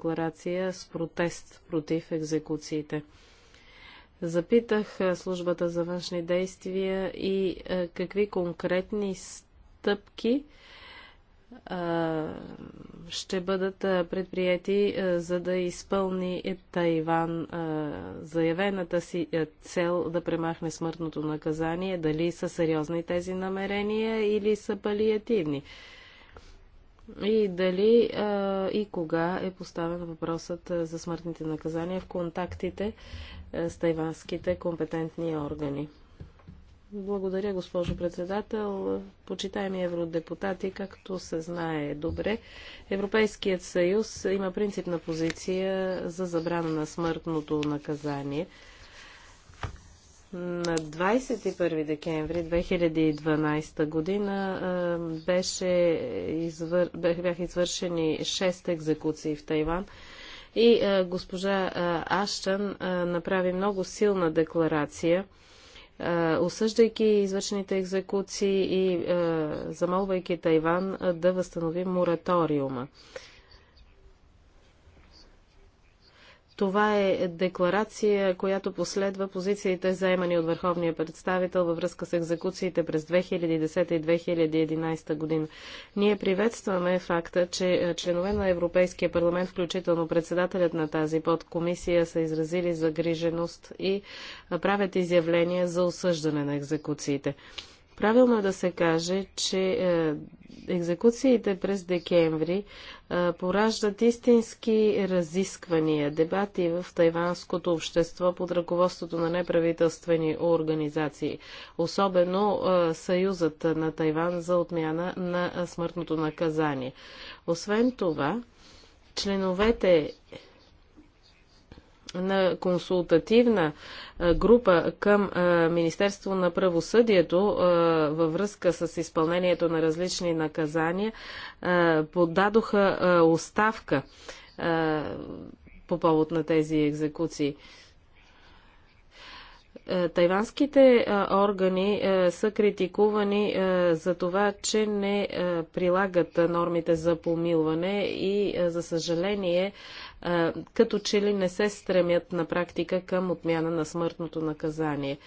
декларация с протест против екзекуциите. Запитах службата за външни действия и какви конкретни стъпки ще бъдат предприяти, за да изпълни Тайван заявената си цел да премахне смъртното наказание. Дали са сериозни тези намерения или са палиативни? и дали а, и кога е поставен въпросът за смъртните наказания в контактите с тайванските компетентни органи. Благодаря, госпожо председател. Почитаеми евродепутати, както се знае добре, Европейският съюз има принципна позиция за забрана на смъртното наказание – на 21 декември 2012 година беше извър... бяха извършени 6 екзекуции в Тайван. И госпожа а, направи много силна декларация, осъждайки извършените екзекуции и замолвайки Тайван да възстанови мораториума. Това е декларация, която последва позициите заемани от Върховния представител във връзка с екзекуциите през 2010 и 2011 година. Ние приветстваме факта, че е, членове на Европейския парламент, включително председателят на тази подкомисия, са изразили загриженост и е, правят изявления за осъждане на екзекуциите. Правилно е да се каже, че е, екзекуциите през декември пораждат истински разисквания, дебати в тайванското общество под ръководството на неправителствени организации, особено Съюзът на Тайван за отмяна на смъртното наказание. Освен това, членовете на консултативна група към Министерство на правосъдието във връзка с изпълнението на различни наказания подадоха оставка по повод на тези екзекуции. Е, тайванските е, органи е, са критикувани за това, че не прилагат нормите за помилване и, за съжаление, като че ли не се стремят на практика към отмяна на смъртното наказание.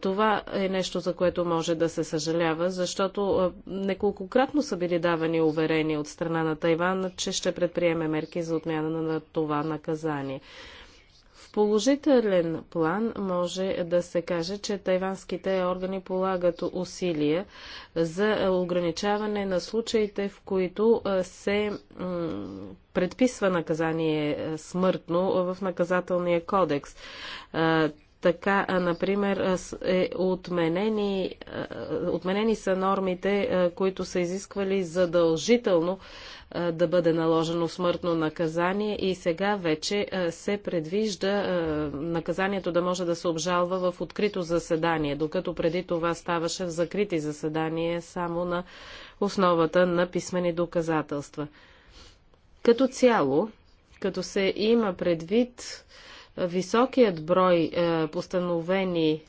Това е нещо, за което може да се съжалява, защото неколкократно са били давани уверения от страна на Тайван, че ще предприеме мерки за отмяна на това наказание положителен план може да се каже, че тайванските органи полагат усилия за ограничаване на случаите, в които се предписва наказание смъртно в наказателния кодекс. Така, например, е отменени, отменени са нормите, които са изисквали задължително да бъде наложено смъртно наказание и сега вече се предвижда наказанието да може да се обжалва в открито заседание, докато преди това ставаше в закрити заседания само на основата на писмени доказателства. Като цяло, като се има предвид Високият брой е, постановени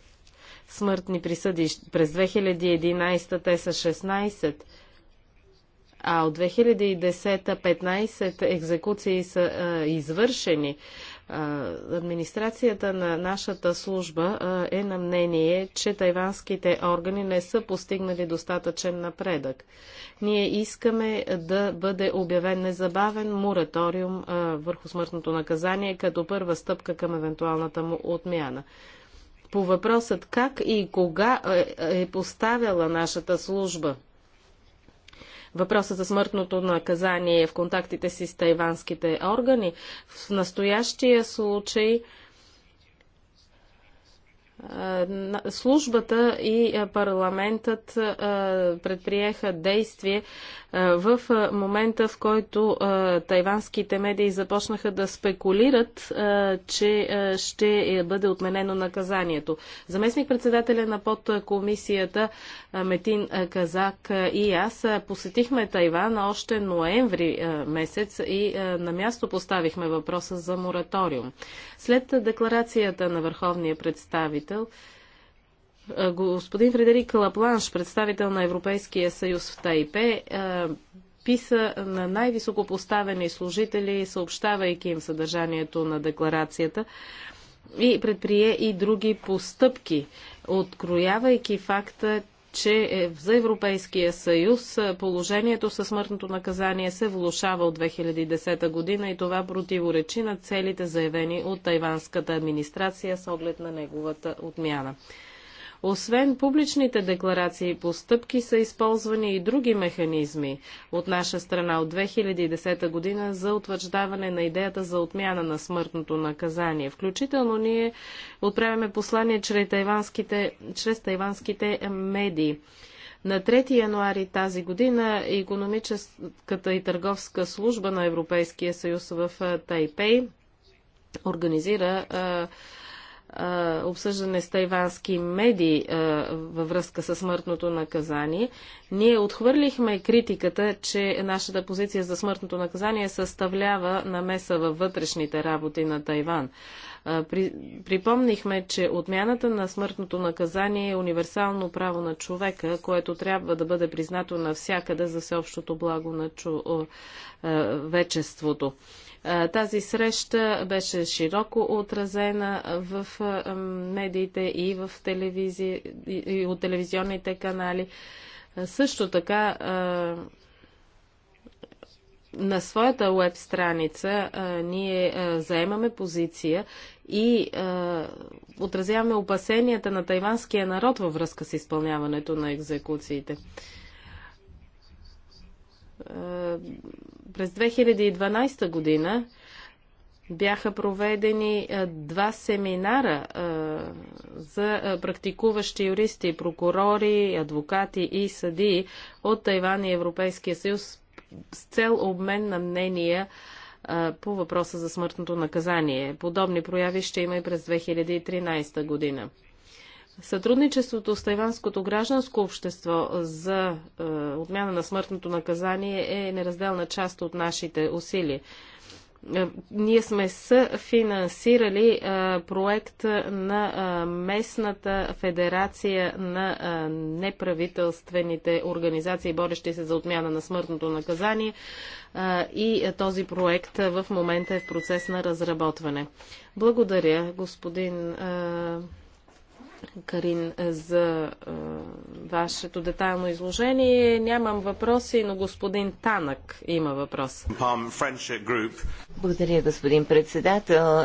смъртни присъди през 2011 те са 16, а от 2010 15 екзекуции са е, извършени. Администрацията на нашата служба е на мнение, че тайванските органи не са постигнали достатъчен напредък. Ние искаме да бъде обявен незабавен мораториум върху смъртното наказание като първа стъпка към евентуалната му отмяна по въпросът как и кога е, е поставяла нашата служба Въпросът за смъртното наказание в контактите си с тайванските органи. В настоящия случай службата и парламентът предприеха действие в момента, в който тайванските медии започнаха да спекулират, че ще е, бъде отменено наказанието. Заместник председателя на подкомисията Метин Казак и аз посетихме Тайван още ноември месец и на място поставихме въпроса за мораториум. След декларацията на върховния представител, е, господин Фредерик Лапланш, представител на Европейския съюз в Тайпе, е, писа на най-високо поставени служители, съобщавайки им съдържанието на декларацията и предприе и други постъпки, откроявайки факта, че е за Европейския съюз положението със смъртното наказание се влушава от 2010 година и това противоречи на целите заявени от тайванската администрация с оглед на неговата отмяна. Освен публичните декларации и постъпки са използвани и други механизми от наша страна от 2010 година за утвърждаване на идеята за отмяна на смъртното наказание. Включително ние отправяме послание чрез тайванските, чрез тайванските медии. На 3 януари тази година економическата и търговска служба на Европейския съюз в Тайпей организира а, обсъждане с тайвански медии във връзка с смъртното наказание, ние отхвърлихме критиката, че нашата позиция за смъртното наказание съставлява намеса във вътрешните работи на Тайван. При, припомнихме, че отмяната на смъртното наказание е универсално право на човека, което трябва да бъде признато навсякъде за всеобщото благо на чу, вечеството. Тази среща беше широко отразена в медиите и, в телевизии, и от телевизионните канали. Също така на своята веб страница ние заемаме позиция и отразяваме опасенията на тайванския народ във връзка с изпълняването на екзекуциите. През 2012 година бяха проведени два семинара за практикуващи юристи, прокурори, адвокати и съдии от Тайван и Европейския съюз с цел обмен на мнения по въпроса за смъртното наказание. Подобни прояви ще има и през 2013 година. Сътрудничеството с тайванското гражданско общество за е, отмяна на смъртното наказание е неразделна част от нашите усилия. Е, ние сме съфинансирали е, проект на е, местната федерация на неправителствените организации, борещи се за отмяна на смъртното наказание и този проект в момента е в процес на разработване. Благодаря, господин. Карин, за а, вашето детайлно изложение. Нямам въпроси, но господин Танък има въпрос. Благодаря, господин председател.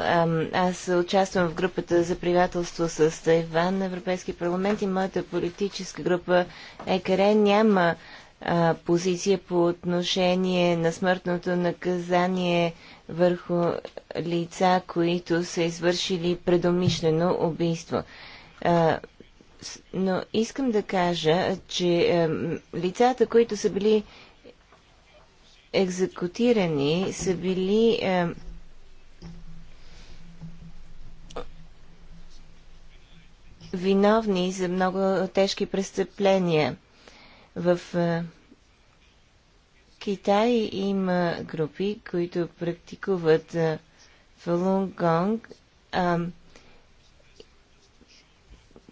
Аз участвам в групата за приятелство с Тайван на Европейски парламент и моята политическа група ЕКР няма а, позиция по отношение на смъртното наказание върху лица, които са извършили предомишлено убийство но искам да кажа, че лицата, които са били екзекутирани, са били виновни за много тежки престъпления. В е, Китай има групи, които практикуват Фалунгонг. Е, Гонг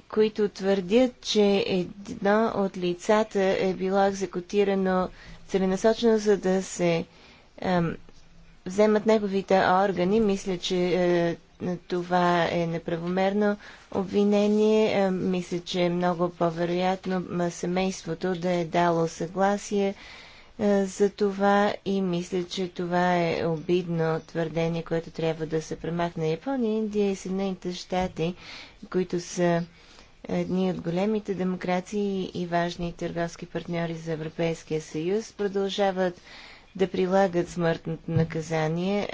които твърдят, че едно от лицата е било екзекутирано целенасочено, за да се е, вземат неговите органи. Мисля, че е, това е неправомерно обвинение. Е, мисля, че е много по-вероятно семейството да е дало съгласие е, за това и мисля, че това е обидно твърдение, което трябва да се премахне Япония, Индия и Съединените щати, които са едни от големите демокрации и важни търговски партньори за Европейския съюз продължават да прилагат смъртното наказание.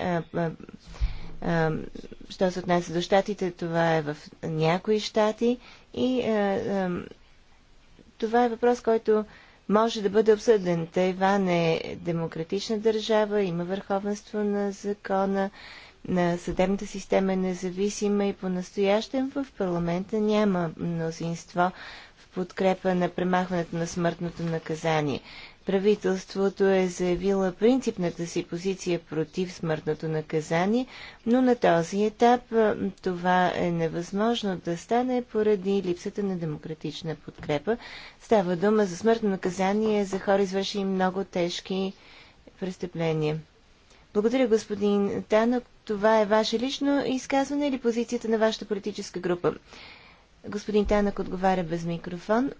що се отнася до щатите, това е в някои щати и това е въпрос, който може да бъде обсъден. Тайван е демократична държава, има върховенство на закона на съдебната система е независима и по настоящен в парламента няма мнозинство в подкрепа на премахването на смъртното наказание. Правителството е заявила принципната си позиция против смъртното наказание, но на този етап това е невъзможно да стане поради липсата на демократична подкрепа. Става дума за смъртно наказание за хора, извършени много тежки престъпления. Благодаря, господин Танък, Това е ваше лично изказване или позицията на вашата политическа група? Господин Танък отговаря без микрофон.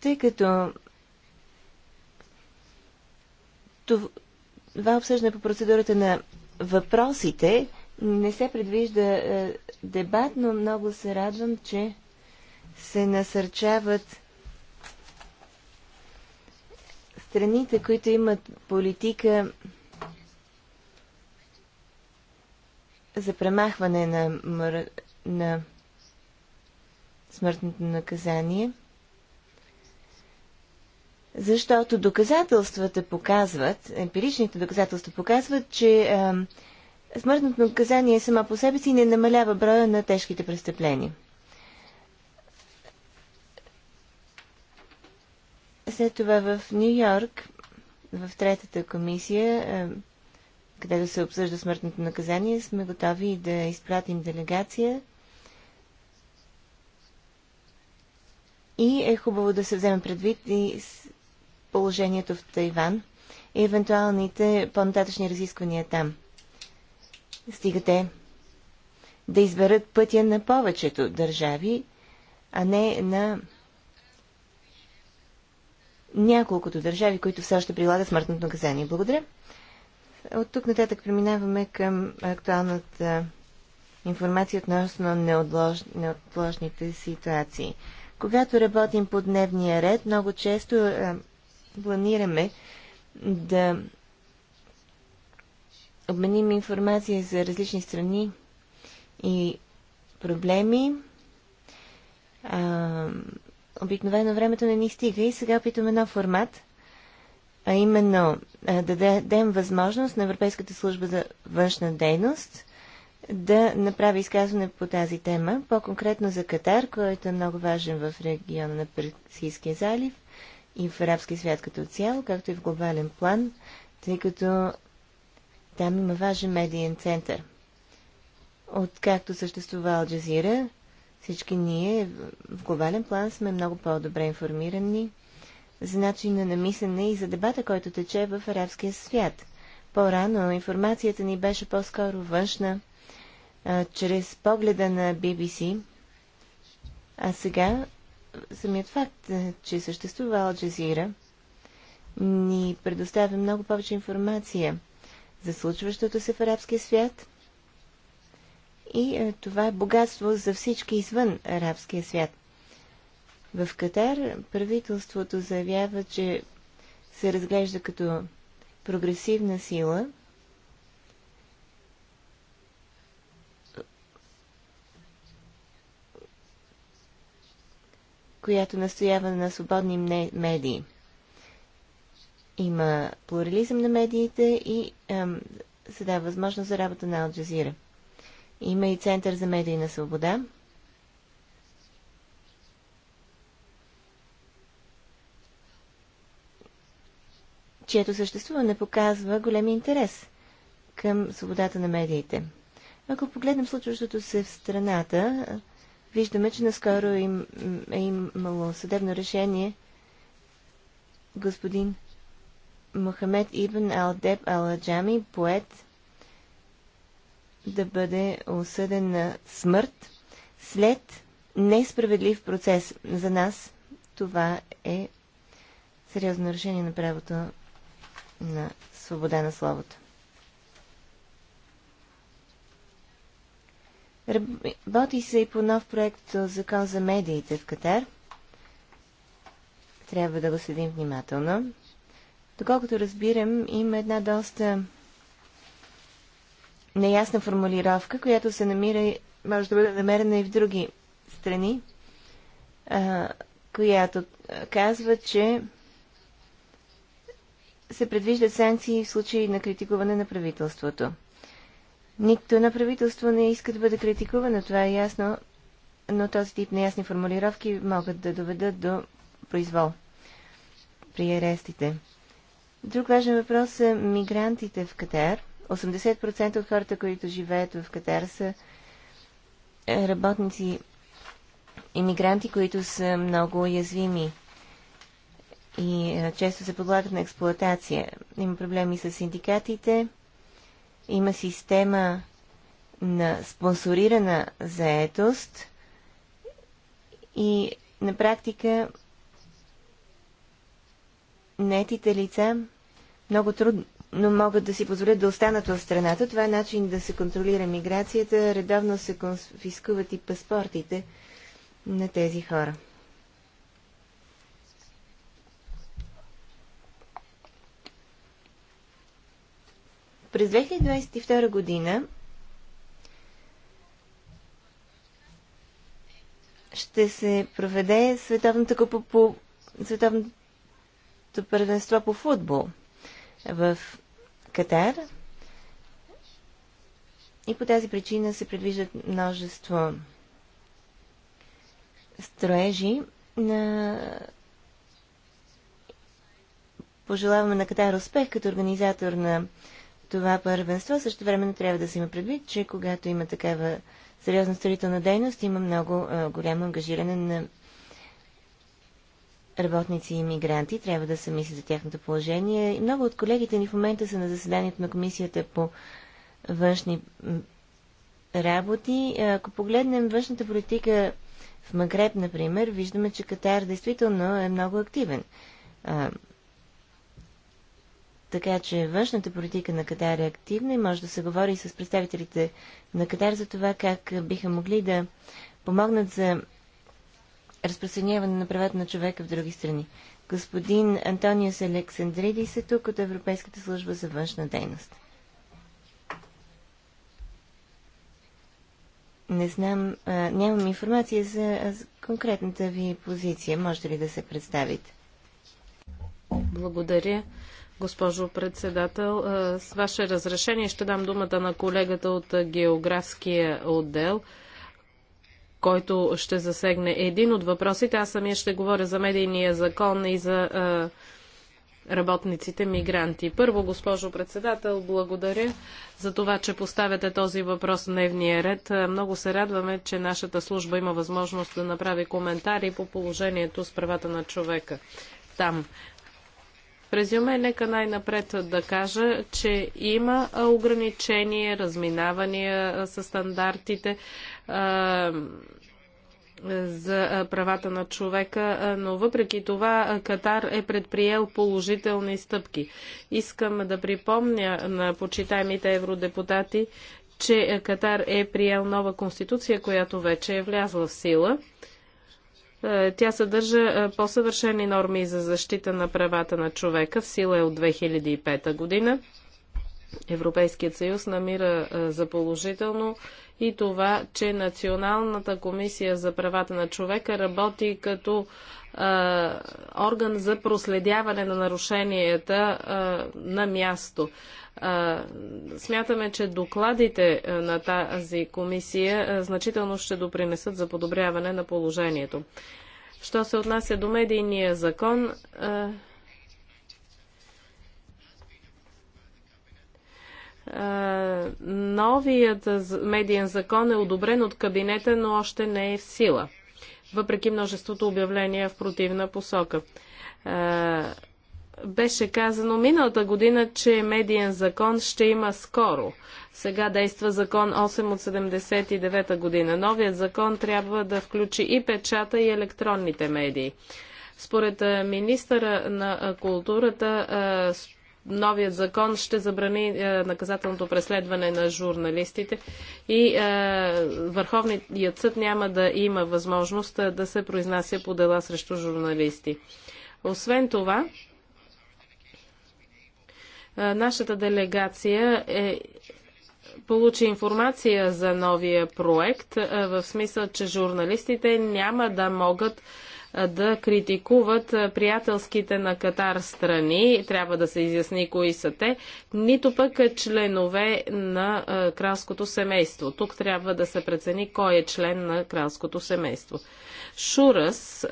Тъй като това обсъждане по процедурата на въпросите не се предвижда е, дебат, но много се радвам, че се насърчават страните, които имат политика за премахване на, мър... на смъртното наказание, защото доказателствата показват, емпиричните доказателства показват, че а, смъртното наказание само по себе си не намалява броя на тежките престъпления. След това в Нью Йорк, в третата комисия, е, където се обсъжда смъртното наказание, сме готови да изпратим делегация. И е хубаво да се вземе предвид и положението в Тайван и евентуалните по-нататъчни разисквания там. Стигате да изберат пътя на повечето държави, а не на няколкото държави, които все още прилагат смъртното наказание. Благодаря. От тук нататък преминаваме към актуалната информация относно неотлож... неотложните ситуации. Когато работим по дневния ред, много често е, планираме да обменим информация за различни страни и проблеми обикновено времето не ни стига и сега питаме едно формат, а именно да дадем възможност на Европейската служба за външна дейност да направи изказване по тази тема, по-конкретно за Катар, който е много важен в региона на Персийския залив и в арабския свят като цяло, както и в глобален план, тъй като там има важен медиен център. Откакто съществува Алджазира, всички ние в глобален план сме много по-добре информирани за начина на мислене и за дебата, който тече в арабския свят. По-рано информацията ни беше по-скоро външна, а, чрез погледа на BBC, а сега самият факт, че съществува Алджазира, ни предоставя много повече информация за случващото се в арабския свят и е, това е богатство за всички извън арабския свят. В Катар правителството заявява, че се разглежда като прогресивна сила, която настоява на свободни медии. Има плурализъм на медиите и ам, се дава възможност за работа на Алджазира. Има и Център за медийна свобода. чието съществуване показва голем интерес към свободата на медиите. Ако погледнем случващото се в страната, виждаме, че наскоро им, е имало съдебно решение господин Мохамед Ибн Алдеб Аладжами, поет, да бъде осъден на смърт след несправедлив процес. За нас това е сериозно решение на правото на свобода на словото. Работи се и по нов проект Закон за медиите в Катар. Трябва да го следим внимателно. Доколкото разбирам, има една доста неясна формулировка, която се намира, може да бъде намерена и в други страни, а, която казва, че се предвиждат санкции в случай на критикуване на правителството. Нито на правителство не иска да бъде критикувано, това е ясно, но този тип неясни формулировки могат да доведат до произвол при арестите. Друг важен въпрос е мигрантите в Катар. 80% от хората, които живеят в Катар са е, работници, иммигранти, които са много уязвими и е, често се подлагат на експлоатация. Има проблеми с синдикатите, има система на спонсорирана заетост и на практика нетите лица много трудно но могат да си позволят да останат в страната. Това е начин да се контролира миграцията. Редовно се конфискуват и паспортите на тези хора. През 2022 година ще се проведе световната купа по световното първенство по футбол – в Катар. И по тази причина се предвиждат множество строежи. На... Пожелаваме на Катар успех като организатор на това първенство. Също време трябва да се има предвид, че когато има такава сериозна строителна дейност, има много а, голямо ангажиране на работници и мигранти. Трябва да се мисли за тяхното положение. и Много от колегите ни в момента са на заседанието на комисията по външни работи. Ако погледнем външната политика в Магреб, например, виждаме, че Катар действително е много активен. така че външната политика на Катар е активна и може да се говори с представителите на Катар за това как биха могли да помогнат за разпространяване на правата на човека в други страни. Господин Антониус Александридис е тук от Европейската служба за външна дейност. Не знам, а, нямам информация за, за конкретната ви позиция. Можете ли да се представите? Благодаря. Госпожо председател, с ваше разрешение ще дам думата на колегата от географския отдел който ще засегне един от въпросите. Аз самия ще говоря за медийния закон и за а, работниците мигранти. Първо, госпожо председател, благодаря за това, че поставяте този въпрос в дневния ред. Много се радваме, че нашата служба има възможност да направи коментари по положението с правата на човека там. В резюме, нека най-напред да кажа, че има ограничение, разминавания с стандартите за правата на човека, но въпреки това Катар е предприел положителни стъпки. Искам да припомня на почитаемите евродепутати, че Катар е приел нова конституция, която вече е влязла в сила. Е, тя съдържа е, по-съвършени норми за защита на правата на човека в сила е от 2005 година. Европейският съюз намира е, за положително и това, че Националната комисия за правата на човека работи като орган за проследяване на нарушенията на място. Смятаме, че докладите на тази комисия значително ще допринесат за подобряване на положението. Що се отнася до медийния закон, новият медиен закон е одобрен от кабинета, но още не е в сила, въпреки множеството обявления в противна посока. Беше казано миналата година, че медиен закон ще има скоро. Сега действа закон 8 от 79 година. Новият закон трябва да включи и печата и електронните медии. Според министъра на културата, новият закон ще забрани наказателното преследване на журналистите и Върховният съд няма да има възможност да се произнася по дела срещу журналисти. Освен това, Нашата делегация е получи информация за новия проект, в смисъл, че журналистите няма да могат да критикуват приятелските на Катар страни, трябва да се изясни кои са те, нито пък членове на кралското семейство. Тук трябва да се прецени кой е член на кралското семейство. Шурас,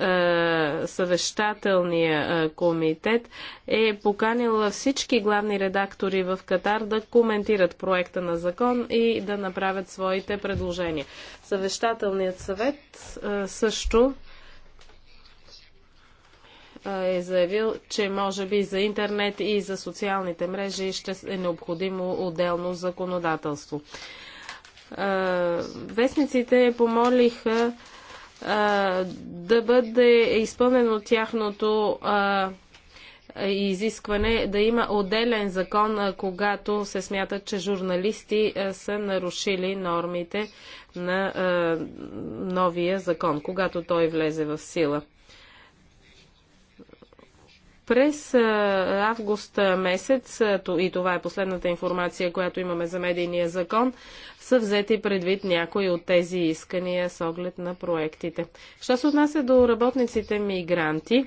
съвещателния комитет, е поканил всички главни редактори в Катар да коментират проекта на закон и да направят своите предложения. Съвещателният съвет също е заявил, че може би за интернет и за социалните мрежи ще е необходимо отделно законодателство. Вестниците помолиха да бъде изпълнено тяхното изискване да има отделен закон, когато се смята, че журналисти са нарушили нормите на новия закон, когато той влезе в сила. През август месец, и това е последната информация, която имаме за медийния закон, са взети предвид някои от тези искания с оглед на проектите. Що се отнася до работниците мигранти,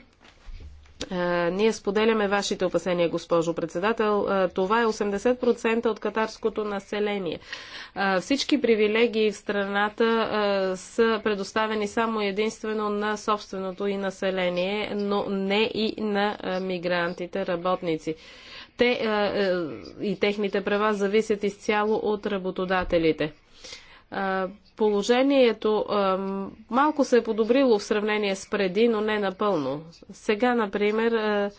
е, ние споделяме вашите опасения, госпожо председател. Е, това е 80% от катарското население. Е, всички привилегии в страната са предоставени само единствено на собственото и население, но не и на мигрантите, работници те и техните права зависят изцяло от работодателите. Положението малко се е подобрило в сравнение с преди, но не напълно. Сега, например, е,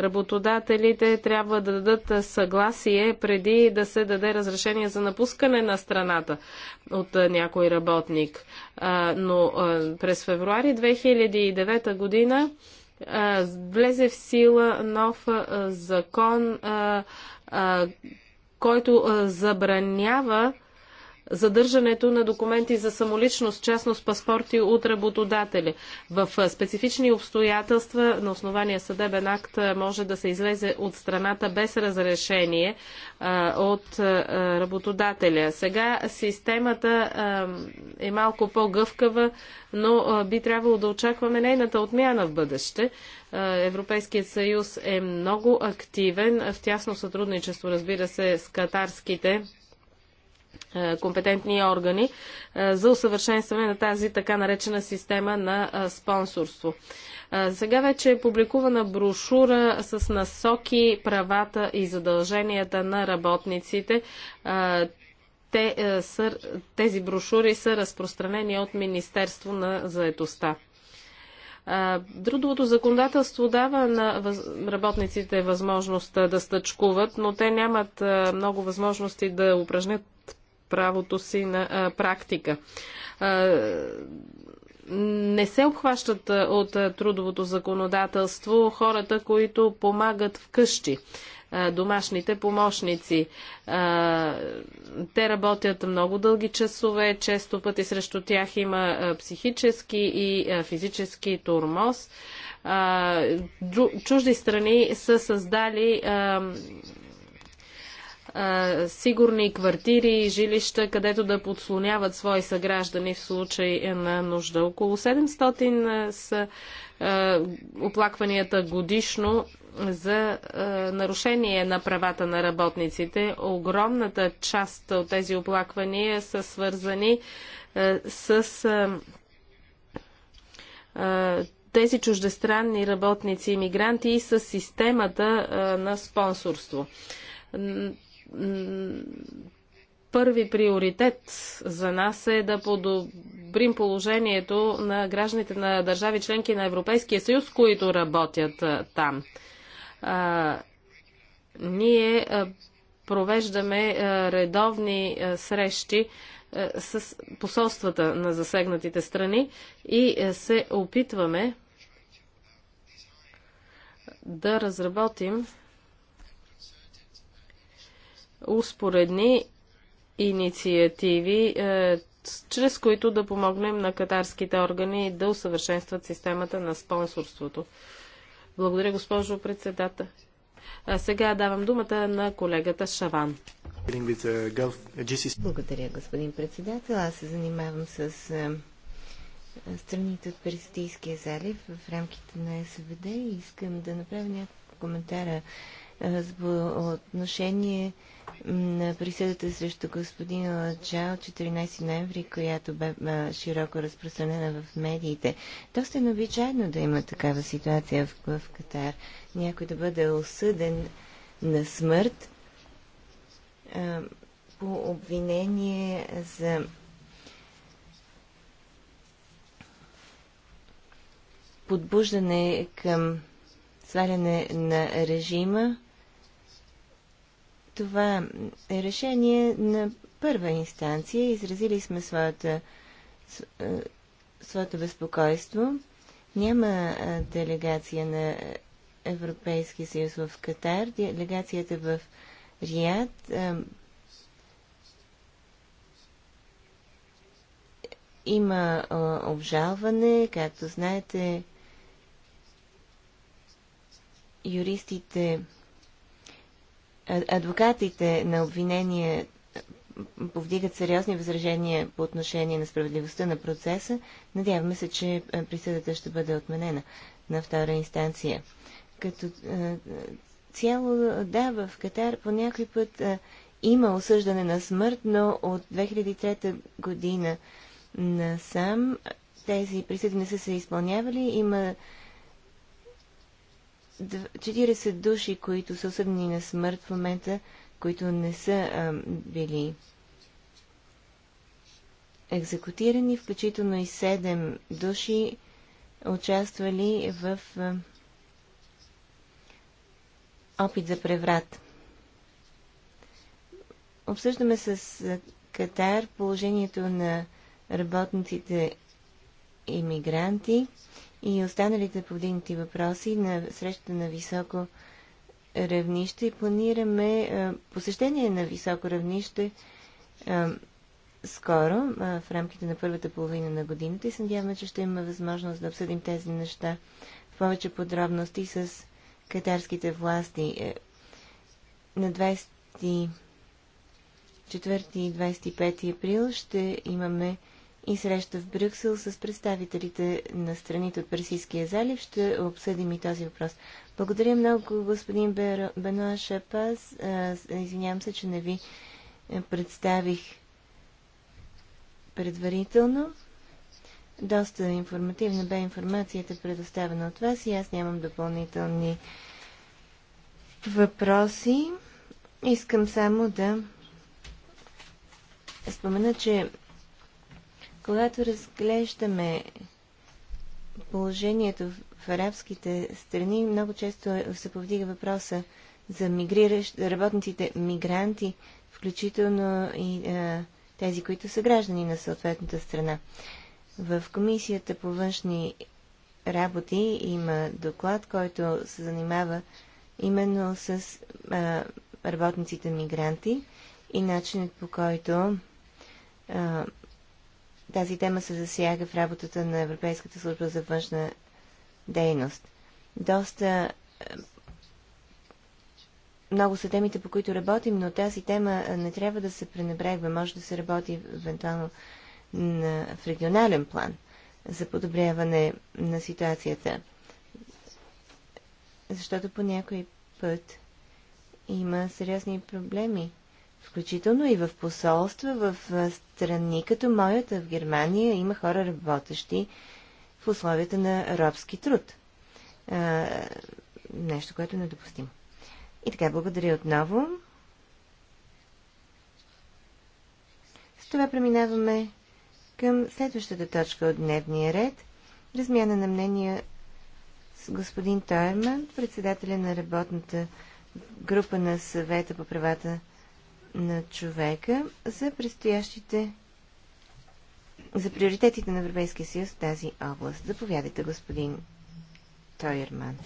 работодателите трябва да дадат съгласие преди да се даде разрешение за напускане на страната от е, някой работник. Но е, през февруари 2009 година влезе в сила нов закон, който забранява задържането на документи за самоличност, частност паспорти от работодатели. В специфични обстоятелства на основание съдебен акт може да се излезе от страната без разрешение от работодателя. Сега системата е малко по-гъвкава, но би трябвало да очакваме нейната отмяна в бъдеще. Европейският съюз е много активен в тясно сътрудничество, разбира се, с катарските е, компетентни органи е, за усъвършенстване на тази така наречена система на е, спонсорство. Сега вече е публикувана брошура с насоки правата и задълженията на работниците. Те, са, тези брошури са разпространени от Министерство на заетостта. Трудовото законодателство дава на работниците възможност да стъчкуват, но те нямат много възможности да упражнят правото си на а, практика. А, не се обхващат от трудовото законодателство хората, които помагат вкъщи домашните помощници. Те работят много дълги часове, често пъти срещу тях има психически и физически турмоз. Чужди страни са създали сигурни квартири и жилища, където да подслоняват свои съграждани в случай на нужда. Около 700 са оплакванията годишно за нарушение на правата на работниците. Огромната част от тези оплаквания са свързани с тези чуждестранни работници и мигранти и с системата на спонсорство първи приоритет за нас е да подобрим положението на гражданите на държави членки на Европейския съюз, които работят там. А, ние провеждаме редовни срещи с посолствата на засегнатите страни и се опитваме да разработим успоредни инициативи, е, чрез които да помогнем на катарските органи да усъвършенстват системата на спонсорството. Благодаря, госпожо председател. А сега давам думата на колегата Шаван. Благодаря, господин председател. Аз се занимавам с е, страните от Паристийския залив в рамките на СВД и искам да направя няколко коментара по отношение на присъдата срещу господин Ладжа от 14 ноември, която бе широко разпространена в медиите. Доста е необичайно да има такава ситуация в, в Катар. Някой да бъде осъден на смърт а, по обвинение за подбуждане към сваляне на режима това е решение на първа инстанция. Изразили сме своята, е, своето безпокойство. Няма е, делегация на Европейския съюз в Катар. Делегацията в Риад е, има обжалване, както знаете, юристите е, адвокатите на обвинение повдигат сериозни възражения по отношение на справедливостта на процеса, надяваме се, че е, присъдата ще бъде отменена на втора инстанция. Като е, цяло, да, в Катар по някой път има осъждане на смърт, но от 2003 година насам тези присъди не са се изпълнявали. Има 40 души, които са осъдени на смърт в момента, които не са а, били екзекутирани, включително и 7 души участвали в а, опит за преврат. Обсъждаме с Катар положението на работниците иммигранти и останалите повдигнати въпроси на срещата на високо равнище и планираме посещение на високо равнище скоро, в рамките на първата половина на годината и се надяваме, че ще има възможност да обсъдим тези неща в повече подробности с катарските власти. Е, на 24 и 25 април ще имаме и среща в Брюксел с представителите на страните от Персийския залив. Ще обсъдим и този въпрос. Благодаря много, господин Бенуа Шепас. Извинявам се, че не ви е, представих предварително. Доста информативна бе информацията предоставена от вас и аз нямам допълнителни въпроси. Искам само да спомена, че когато разглеждаме положението в арабските страни, много често се повдига въпроса за мигриращ, работниците мигранти, включително и а, тези, които са граждани на съответната страна. В Комисията по външни работи има доклад, който се занимава именно с а, работниците мигранти и начинът по който а, тази тема се засяга в работата на Европейската служба за външна дейност. Доста е, много са темите, по които работим, но тази тема е, не трябва да се пренебрегва. Може да се работи евентуално на, в регионален план за подобряване на ситуацията. Защото по някой път има сериозни проблеми включително и в посолства, в страни като моята в Германия има хора работещи в условията на робски труд. А, нещо, което е недопустимо. И така, благодаря отново. С това преминаваме към следващата точка от дневния ред. Размяна на мнения с господин Тойерман, председателя на работната група на съвета по правата на човека за предстоящите за приоритетите на Европейския съюз в тази област. Заповядайте, господин Тойерман.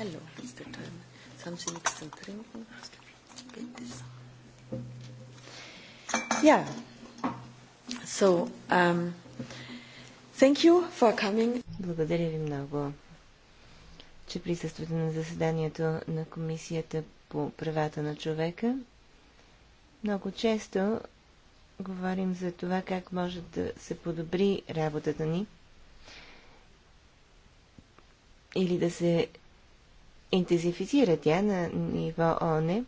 Hallo, so, um, thank you for coming. Благодаря ви много че присъствате на заседанието на Комисията по правата на човека. Много често говорим за това как може да се подобри работата ни или да се интензифицира тя на ниво ОНЕ.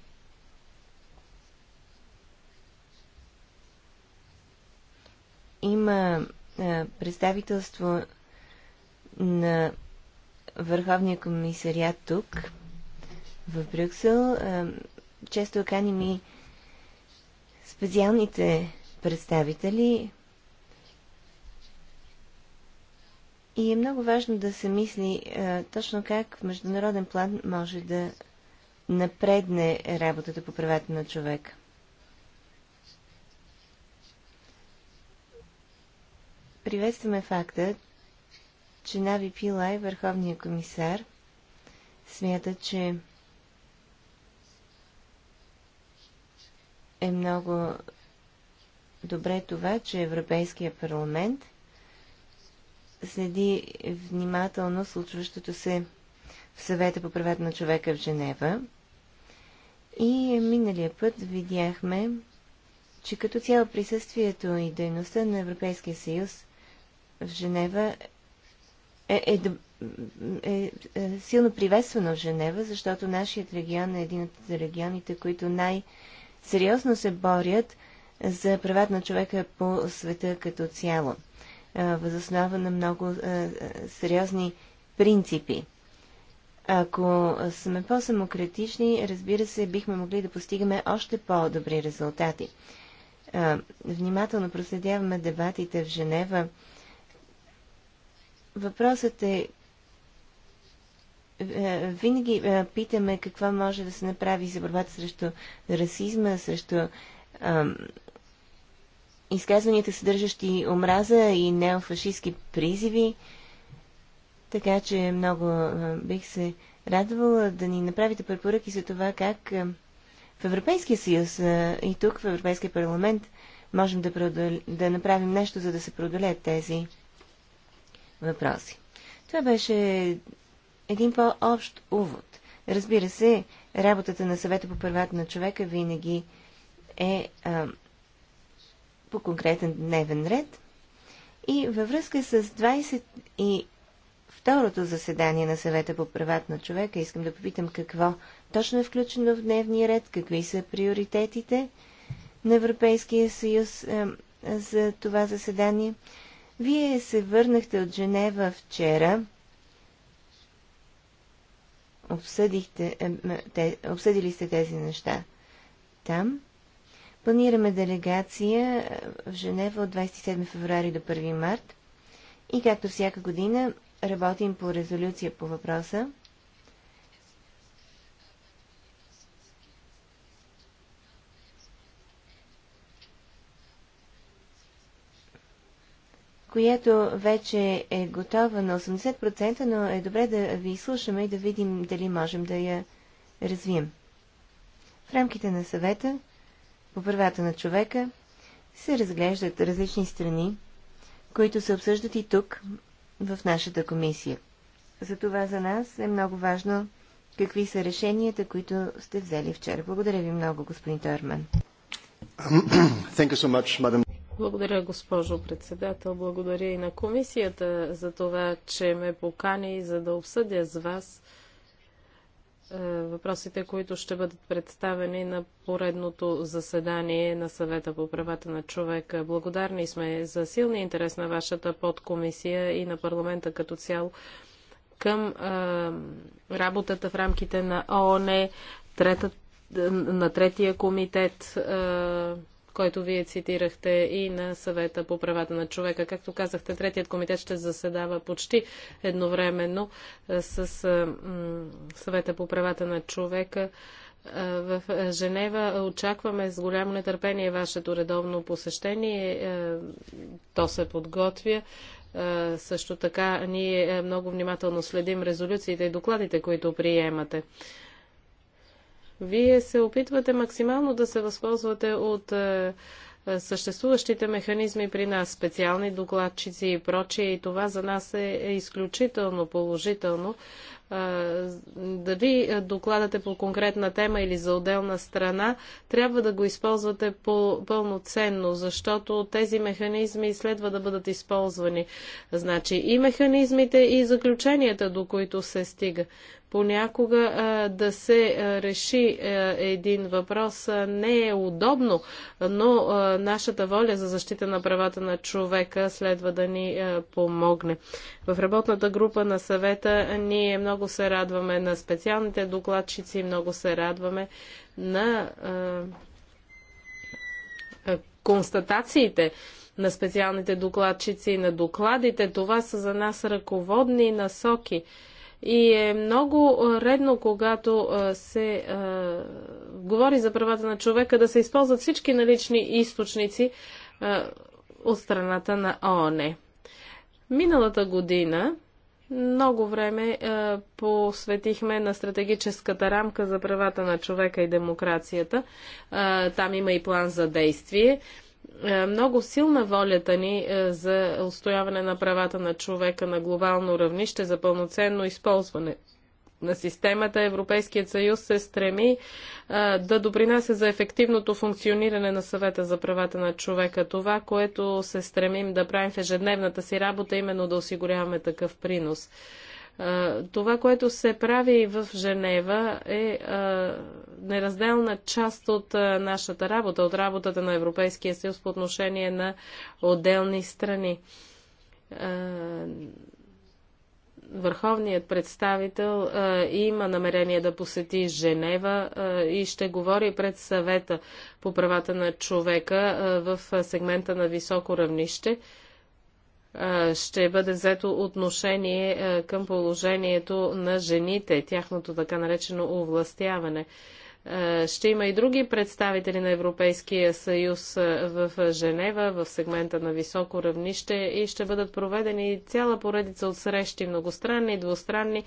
Има а, представителство на Върховния комисариат тук, в Брюксел. Често каним и специалните представители. И е много важно да се мисли точно как в международен план може да напредне работата по правата на човека. Приветстваме факта, че Нави Пилай, е върховния комисар, смята, че е много добре това, че Европейския парламент следи внимателно случващото се в съвета по правата на човека в Женева. И миналия път видяхме, че като цяло присъствието и дейността на Европейския съюз в Женева е, е, е, е силно приветствана в Женева, защото нашият регион е един от регионите, които най-сериозно се борят за правата на човека по света като цяло, възоснова на много сериозни принципи. Ако сме по-самократични, разбира се, бихме могли да постигаме още по-добри резултати. Внимателно проследяваме дебатите в Женева Въпросът е, е винаги е, питаме какво може да се направи за борбата срещу расизма, срещу ам, изказванията, съдържащи омраза и неофашистски призиви. Така че много е, бих се радвала да ни направите препоръки за това как в Европейския съюз а, и тук в Европейския парламент можем да, да направим нещо, за да се продолеят тези въпроси. Това беше един по-общ увод. Разбира се, работата на съвета по правата на човека винаги е а, по конкретен дневен ред. И във връзка с 22 то заседание на съвета по правата на човека, искам да попитам какво точно е включено в дневния ред, какви са приоритетите на Европейския съюз а, за това заседание. Вие се върнахте от Женева вчера. Обсъдихте, е, те, обсъдили сте тези неща там. Планираме делегация е, в Женева от 27 феврари до 1 март. И както всяка година, работим по резолюция по въпроса. която вече е готова на 80%, но е добре да ви слушаме и да видим дали можем да я развием. В рамките на съвета по правата на човека се разглеждат различни страни, които се обсъждат и тук, в нашата комисия. Затова за нас е много важно какви са решенията, които сте взели вчера. Благодаря ви много, господин Торман. So much, благодаря, госпожо председател. Благодаря и на комисията за това, че ме покани, за да обсъдя с вас е, въпросите, които ще бъдат представени на поредното заседание на съвета по правата на човека. Благодарни сме за силния интерес на вашата подкомисия и на парламента като цяло към а, е, работата в рамките на ООН, трета, на третия комитет. А, е, който вие цитирахте и на съвета по правата на човека. Както казахте, третият комитет ще заседава почти едновременно с съвета по правата на човека в Женева. Очакваме с голямо нетърпение вашето редовно посещение. То се подготвя. Също така ние много внимателно следим резолюциите и докладите, които приемате. Вие се опитвате максимално да се възползвате от е, е, съществуващите механизми при нас, специални докладчици и прочие, и това за нас е, е изключително положително. Дали докладате по конкретна тема или за отделна страна, трябва да го използвате по пълноценно, защото тези механизми следва да бъдат използвани. Значи и механизмите, и заключенията, до които се стига понякога да се реши един въпрос не е удобно, но нашата воля за защита на правата на човека следва да ни помогне. В работната група на съвета ние много се радваме на специалните докладчици, много се радваме на констатациите на специалните докладчици и на докладите. Това са за нас ръководни насоки. И е много редно, когато се говори за правата на човека, да се използват всички налични източници от страната на ООН. Миналата година много време е, посветихме на стратегическата рамка за правата на човека и демокрацията. Е, там има и план за действие. Е, е, много силна волята ни е, за устояване на правата на човека на глобално равнище за пълноценно използване на системата. Европейският съюз се стреми е, да допринася за ефективното функциониране на съвета за правата на човека. Това, което се стремим да правим в ежедневната си работа, именно да осигуряваме такъв принос. Това, което се прави в Женева е неразделна част от нашата работа, от работата на Европейския съюз по отношение на отделни страни. Върховният представител а, има намерение да посети Женева а, и ще говори пред съвета по правата на човека а, в сегмента на високо равнище. А, ще бъде взето отношение към положението на жените, тяхното така наречено овластяване. Е, ще има и други представители на Европейския съюз е, в е, Женева в сегмента на високо равнище и ще бъдат проведени цяла поредица от срещи, многостранни и двустранни,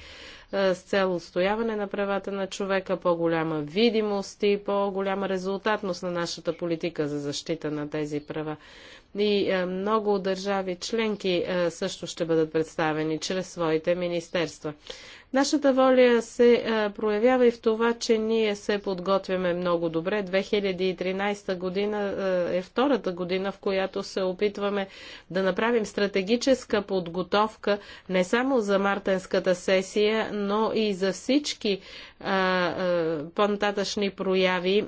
с цел устояване на правата на човека, по-голяма видимост и по-голяма резултатност на нашата политика за защита на тези права. И много държави членки също ще бъдат представени чрез своите министерства. Нашата воля се проявява и в това, че ние се подготвяме много добре. 2013 година е втората година, в която се опитваме да направим стратегическа подготовка не само за мартенската сесия, но и за всички по-нататъчни прояви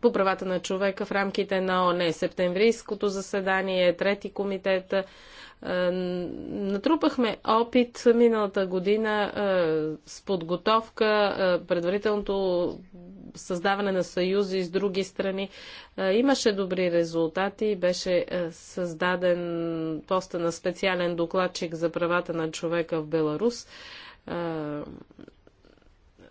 по правата на човека в рамките на ОНЕ. Септемврийското заседание, трети комитет е, натрупахме опит миналата година е, с подготовка, е, предварителното създаване на съюзи с други страни. Имаше добри резултати. Беше създаден поста на специален докладчик за правата на човека в Беларус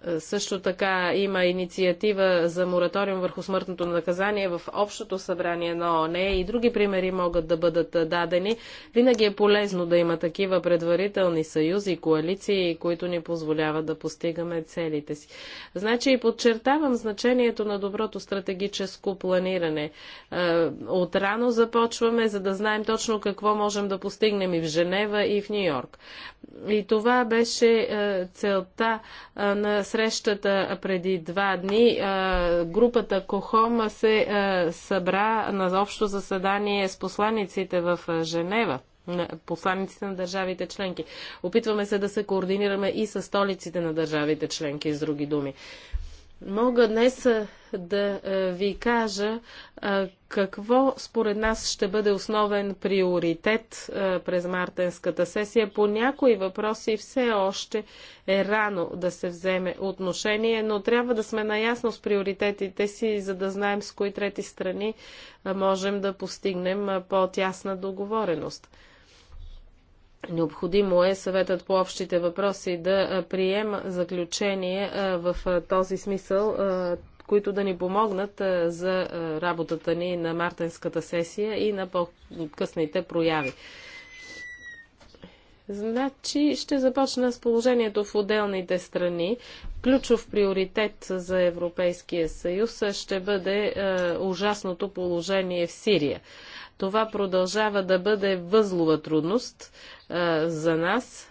е, също така има инициатива за мораториум върху смъртното наказание в Общото събрание на ООН и други примери могат да бъдат е, дадени. Винаги е полезно да има такива предварителни съюзи, коалиции, които ни позволяват да постигаме целите си. Значи и подчертавам значението на доброто стратегическо планиране. Е, отрано започваме, за да знаем точно какво можем да постигнем и в Женева, и в Нью-Йорк. И това беше целта на срещата преди два дни групата Кохома се събра на общо заседание с посланиците в Женева на посланиците на държавите членки. Опитваме се да се координираме и с столиците на държавите членки, с други думи. Мога днес да ви кажа какво според нас ще бъде основен приоритет през мартенската сесия. По някои въпроси все още е рано да се вземе отношение, но трябва да сме наясно с приоритетите си, за да знаем с кои трети страни можем да постигнем по-тясна договореност. Необходимо е съветът по общите въпроси да приема заключение в този смисъл, които да ни помогнат за работата ни на мартенската сесия и на по-късните прояви. Значи ще започна с положението в отделните страни. Ключов приоритет за Европейския съюз ще бъде ужасното положение в Сирия. Това продължава да бъде възлова трудност а, за нас.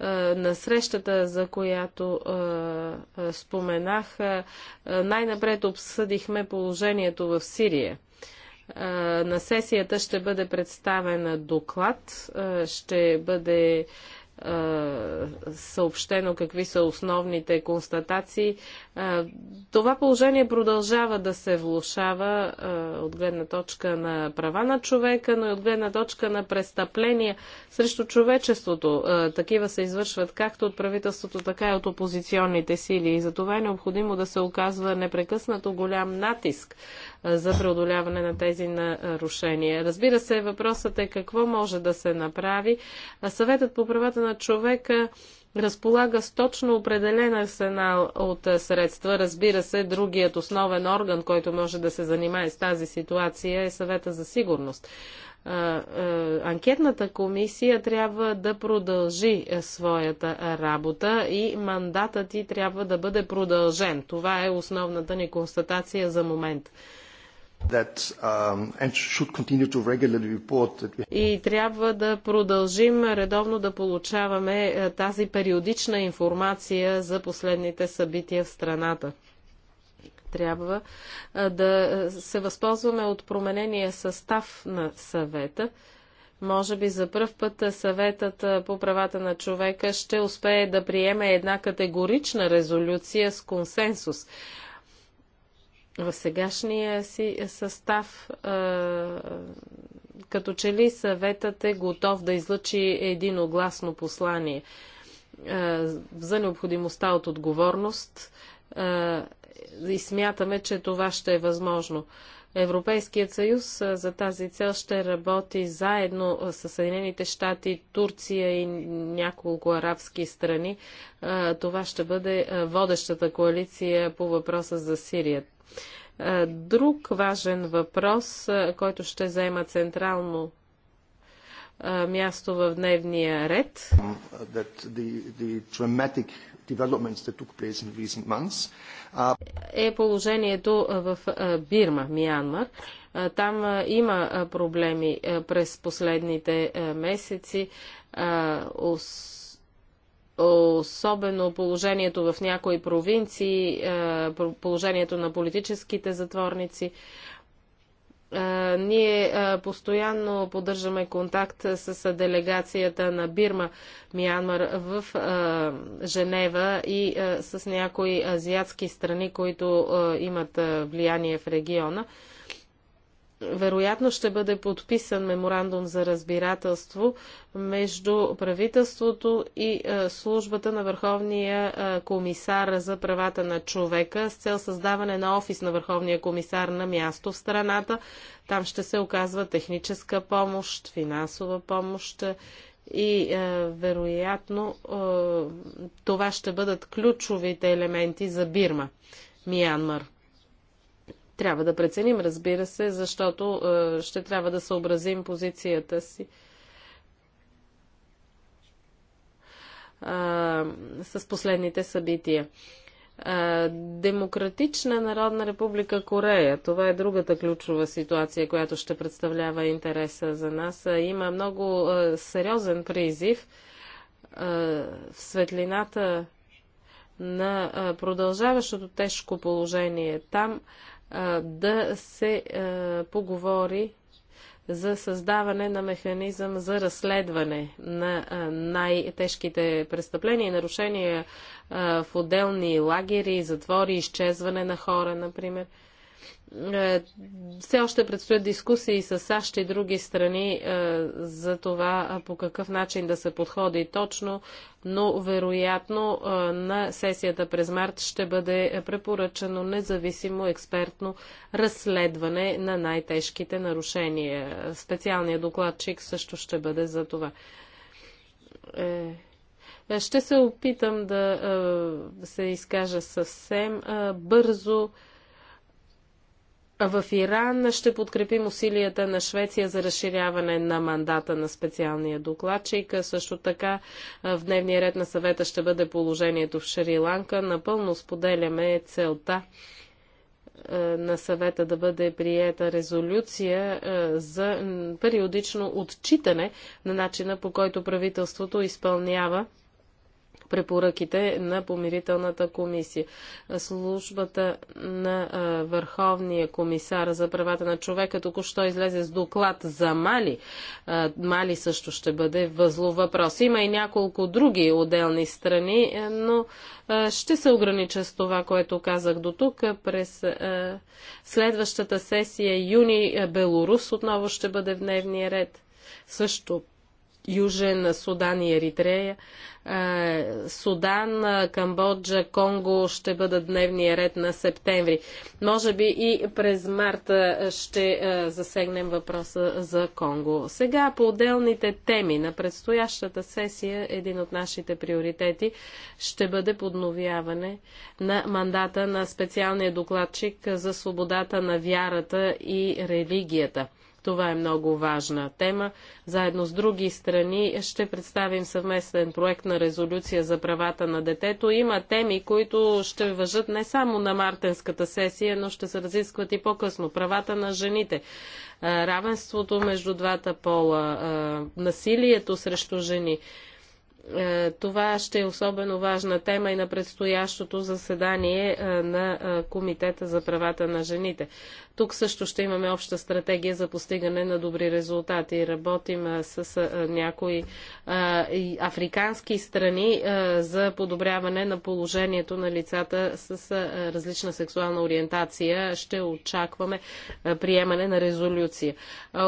А, на срещата, за която а, споменах, най-напред обсъдихме положението в Сирия. На сесията ще бъде представен доклад, ще бъде съобщено какви са основните констатации. Това положение продължава да се влушава от гледна точка на права на човека, но и от гледна точка на престъпления срещу човечеството. Такива се извършват както от правителството, така и от опозиционните сили. И за това е необходимо да се оказва непрекъснато голям натиск за преодоляване на тези нарушения. Разбира се, въпросът е какво може да се направи. Съветът по правата на на човека разполага с точно определен арсенал от е, средства. Разбира се, другият основен орган, който може да се занимае с тази ситуация е съвета за сигурност. Анкетната комисия трябва да продължи е, своята работа и мандатът ти трябва да бъде продължен. Това е основната ни констатация за момент. Um, И трябва да продължим редовно да получаваме е, тази периодична информация за последните събития в страната. Трябва е, да е, се възползваме от променения състав на съвета. Може би за първ път съветът по правата на човека ще успее да приеме една категорична резолюция с консенсус в сегашния си състав като че ли съветът е готов да излъчи единогласно послание за необходимостта от отговорност и смятаме, че това ще е възможно. Европейският съюз за тази цел ще работи заедно с Съединените щати, Турция и няколко арабски страни. Това ще бъде водещата коалиция по въпроса за Сирия. Друг важен въпрос, който ще заема централно място в дневния ред. The, the е положението в Бирма, Миянмар. Там има проблеми през последните месеци. Особено положението в някои провинции, положението на политическите затворници ние постоянно поддържаме контакт с делегацията на Бирма, Мянмар в Женева и с някои азиатски страни, които имат влияние в региона вероятно ще бъде подписан меморандум за разбирателство между правителството и е, службата на Върховния е, комисар за правата на човека с цел създаване на офис на Върховния комисар на място в страната. Там ще се оказва техническа помощ, финансова помощ и е, вероятно е, това ще бъдат ключовите елементи за Бирма, Миянмар. Трябва да преценим, разбира се, защото е, ще трябва да съобразим позицията си. А, е, с последните събития. А, е, Демократична Народна република Корея. Това е другата ключова ситуация, която ще представлява интереса за нас. Е, има много сериозен призив в светлината на продължаващото тежко положение там да се поговори за създаване на механизъм за разследване на най-тежките престъпления и нарушения в отделни лагери, затвори, изчезване на хора, например. Е, все още предстоят дискусии с САЩ и други страни е, за това е, по какъв начин да се подходи точно, но вероятно на сесията през март ще бъде препоръчано независимо експертно разследване на най-тежките нарушения. Специалният докладчик също ще бъде за това. Ще се опитам да се изкажа съвсем бързо. В Иран ще подкрепим усилията на Швеция за разширяване на мандата на специалния докладчик. Също така в дневния ред на съвета ще бъде положението в Шри-Ланка. Напълно споделяме целта на съвета да бъде приета резолюция за периодично отчитане на начина по който правителството изпълнява препоръките на помирителната комисия. Службата на Върховния комисар за правата на човека току-що излезе с доклад за Мали. Мали също ще бъде възлов въпрос. Има и няколко други отделни страни, е, но ще се огранича с това, което казах до тук. През следващата сесия юни е, Белорус отново ще бъде в дневния ред. Също Южен Судан и Еритрея. Е, Судан, е, Камбоджа, Конго ще бъдат дневния ред на септември. Може би и през марта е, ще засегнем въпроса за Конго. Сега по отделните теми на предстоящата сесия един от нашите приоритети ще бъде подновяване на мандата на специалния докладчик за свободата на вярата и религията. Това е много важна тема. Заедно с други страни ще представим съвместен проект на резолюция за правата на детето. Има теми, които ще въжат не само на мартенската сесия, но ще се разискват и по-късно. Правата на жените, равенството между двата пола, насилието срещу жени. Това ще е особено важна тема и на предстоящото заседание на Комитета за правата на жените. Тук също ще имаме обща стратегия за постигане на добри резултати. Работим с някои африкански страни за подобряване на положението на лицата с различна сексуална ориентация. Ще очакваме приемане на резолюция.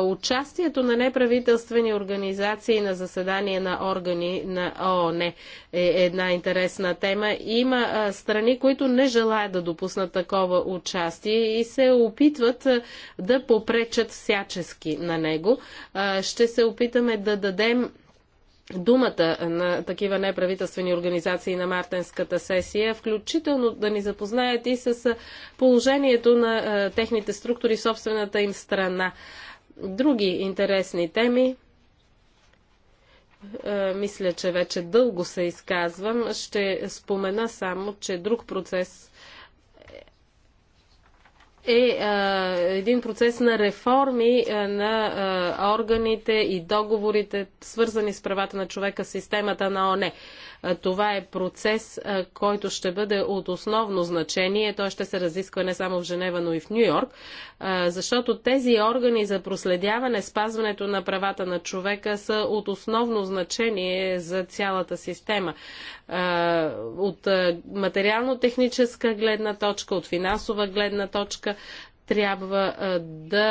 Участието на неправителствени организации на заседание на органи на ООН е една интересна тема. Има страни, които не желаят да допуснат такова участие и се опитват опитват да попречат всячески на него. Ще се опитаме да дадем думата на такива неправителствени организации на мартенската сесия, включително да ни запознаят и с положението на техните структури в собствената им страна. Други интересни теми мисля, че вече дълго се изказвам. Ще спомена само, че друг процес, е, е един процес на реформи е, на е, органите и договорите, свързани с правата на човека, системата на ОНЕ. Това е процес, който ще бъде от основно значение. Той ще се разисква не само в Женева, но и в Нью Йорк, защото тези органи за проследяване спазването на правата на човека са от основно значение за цялата система. От материално-техническа гледна точка, от финансова гледна точка, трябва да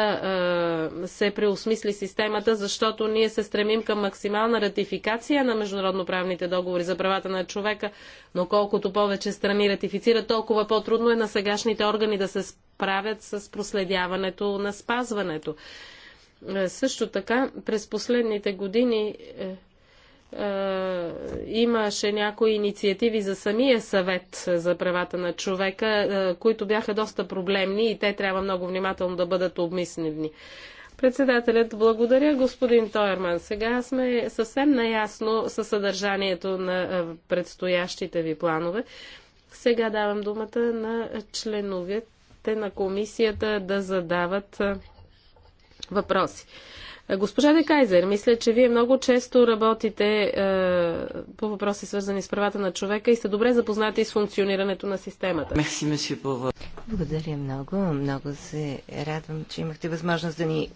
се преосмисли системата, защото ние се стремим към максимална ратификация на международноправните договори за правата на човека, но колкото повече страни ратифицират, толкова по-трудно е на сегашните органи да се справят с проследяването на спазването. Също така, през последните години е, е, имаше някои инициативи за самия съвет за правата на човека, е, които бяха доста проблемни и те трябва много внимателно да бъдат обмислени. Председателят, благодаря господин Тойерман. Сега сме съвсем наясно със съдържанието на е, предстоящите ви планове. Сега давам думата на членовете на комисията да задават въпроси. Госпожа Декайзер, мисля, че вие много често работите е, по въпроси свързани с правата на човека и сте добре запознати с функционирането на системата. Благодаря много. Много се радвам, че имахте възможност да ни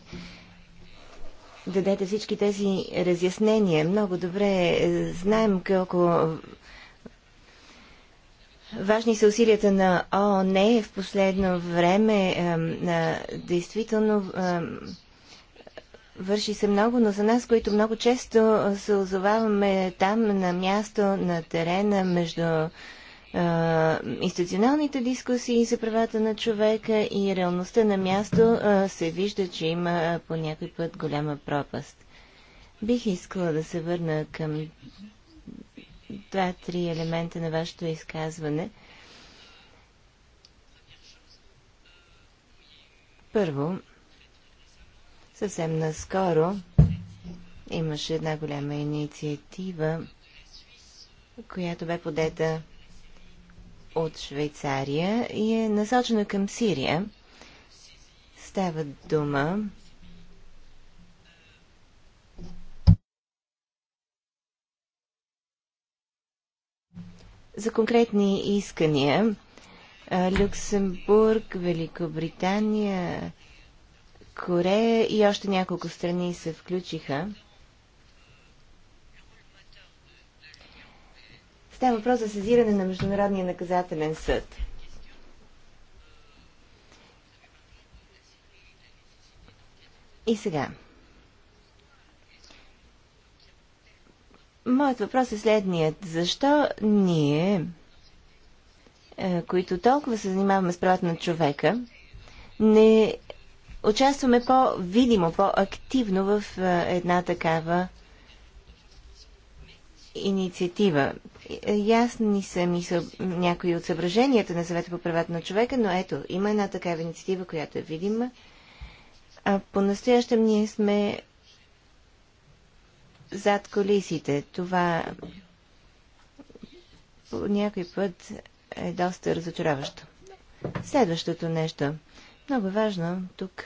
дадете всички тези разяснения. Много добре знаем колко Важни са усилията на ООН в последно време. Е, действително е, Върши се много, но за нас, които много често се озоваваме там на място, на терена, между е, институционалните дискусии за правата на човека и реалността на място, е, се вижда, че има по някой път голяма пропаст. Бих искала да се върна към два-три елемента на вашето изказване. Първо, Съвсем наскоро имаше една голяма инициатива, която бе подета от Швейцария и е насочена към Сирия. Става дума за конкретни искания. Люксембург, Великобритания, Корея и още няколко страни се включиха. Става въпрос за сезиране на Международния наказателен съд. И сега. Моят въпрос е следният. Защо ние, е, които толкова се занимаваме с правата на човека, не участваме по-видимо, по-активно в е, една такава инициатива. Е, ясни са ми са някои от съображенията на съвета по правата на човека, но ето, има една такава инициатива, която е видима. А по-настоящем ние сме зад колисите. Това по някой път е доста разочароващо. Следващото нещо – много важно тук.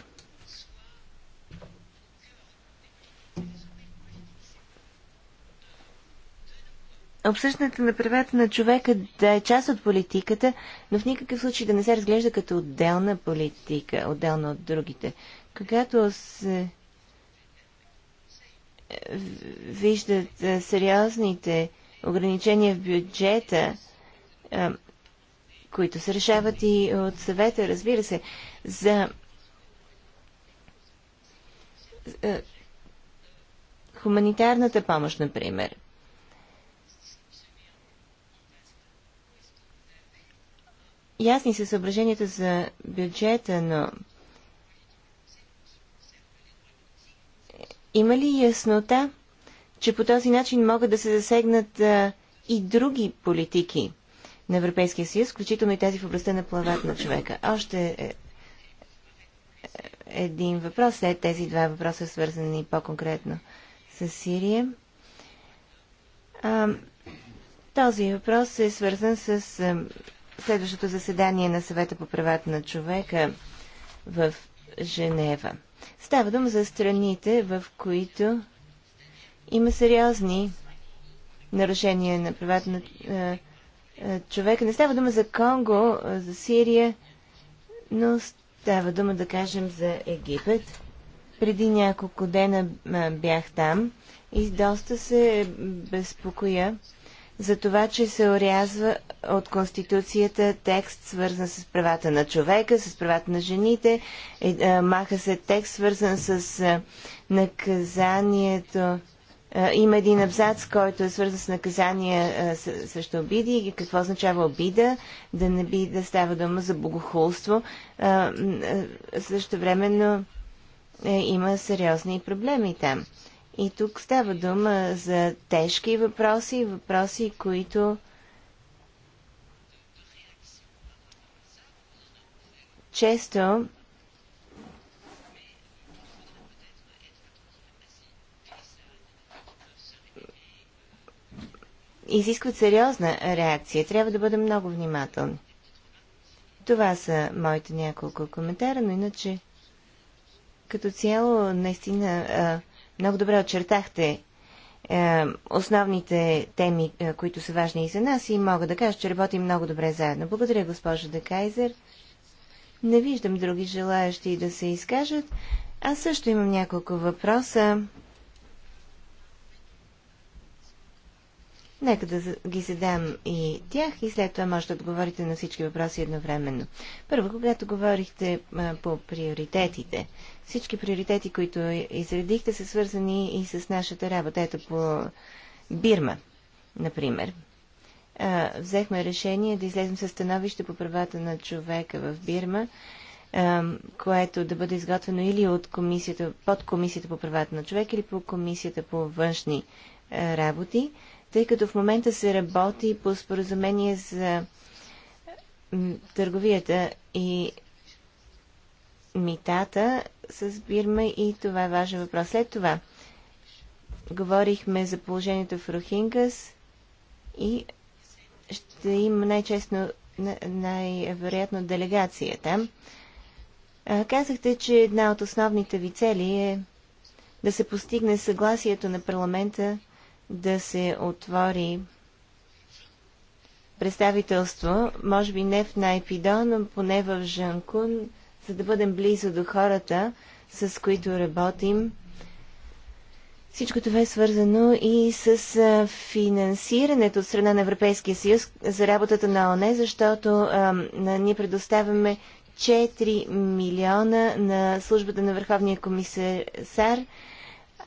Обсъждането на правата на човека да е част от политиката, но в никакъв случай да не се разглежда като отделна политика, отделна от другите. Когато се е, виждат е, сериозните ограничения в бюджета, е, които се решават и от съвета, разбира се, за е, хуманитарната помощ, например. Ясни са съображенията за бюджета, но има ли яснота, че по този начин могат да се засегнат е, и други политики – на Европейския съюз, включително и тази в областта на плавата на човека. Още е, е, един въпрос, след тези два въпроса свързани по-конкретно с Сирия. А, този въпрос е свързан с а, е, следващото заседание на съвета по правата на човека в Женева. Става дума за страните, в които има сериозни нарушения на правата на, е, човека. Не става дума за Конго, за Сирия, но става дума да кажем за Египет. Преди няколко дена бях там и доста се безпокоя за това, че се орязва от Конституцията текст, свързан с правата на човека, с правата на жените. Е, маха се текст, свързан с наказанието е, има един абзац, който е свързан с наказания е, срещу обиди. Какво означава обида? Да не би да става дума за богохулство. Е, също времено има сериозни проблеми там. И тук става дума за тежки въпроси, въпроси, които често изискват сериозна реакция. Трябва да бъдем много внимателни. Това са моите няколко коментара, но иначе като цяло наистина много добре очертахте основните теми, които са важни и за нас и мога да кажа, че работим много добре заедно. Благодаря, госпожо Декайзер. Не виждам други желаящи да се изкажат. Аз също имам няколко въпроса. Нека да ги задам и тях и след това може да отговорите на всички въпроси едновременно. Първо, когато говорихте по приоритетите, всички приоритети, които изредихте, са свързани и с нашата работа. Ето по Бирма, например. Взехме решение да излезем със становище по правата на човека в Бирма, което да бъде изготвено или от комисията, под комисията по правата на човека, или по комисията по външни работи тъй като в момента се работи по споразумение за търговията и митата с Бирма и това е важен въпрос. След това говорихме за положението в Рохингас и ще има най-честно, най-вероятно делегация там. Казахте, че една от основните ви цели е да се постигне съгласието на парламента да се отвори представителство, може би не в Найпидо, но поне в Жанкун, за да бъдем близо до хората, с които работим. Всичко това е свързано и с финансирането от страна на Европейския съюз за работата на ОНЕ, защото а, ние предоставяме 4 милиона на службата на Върховния комисар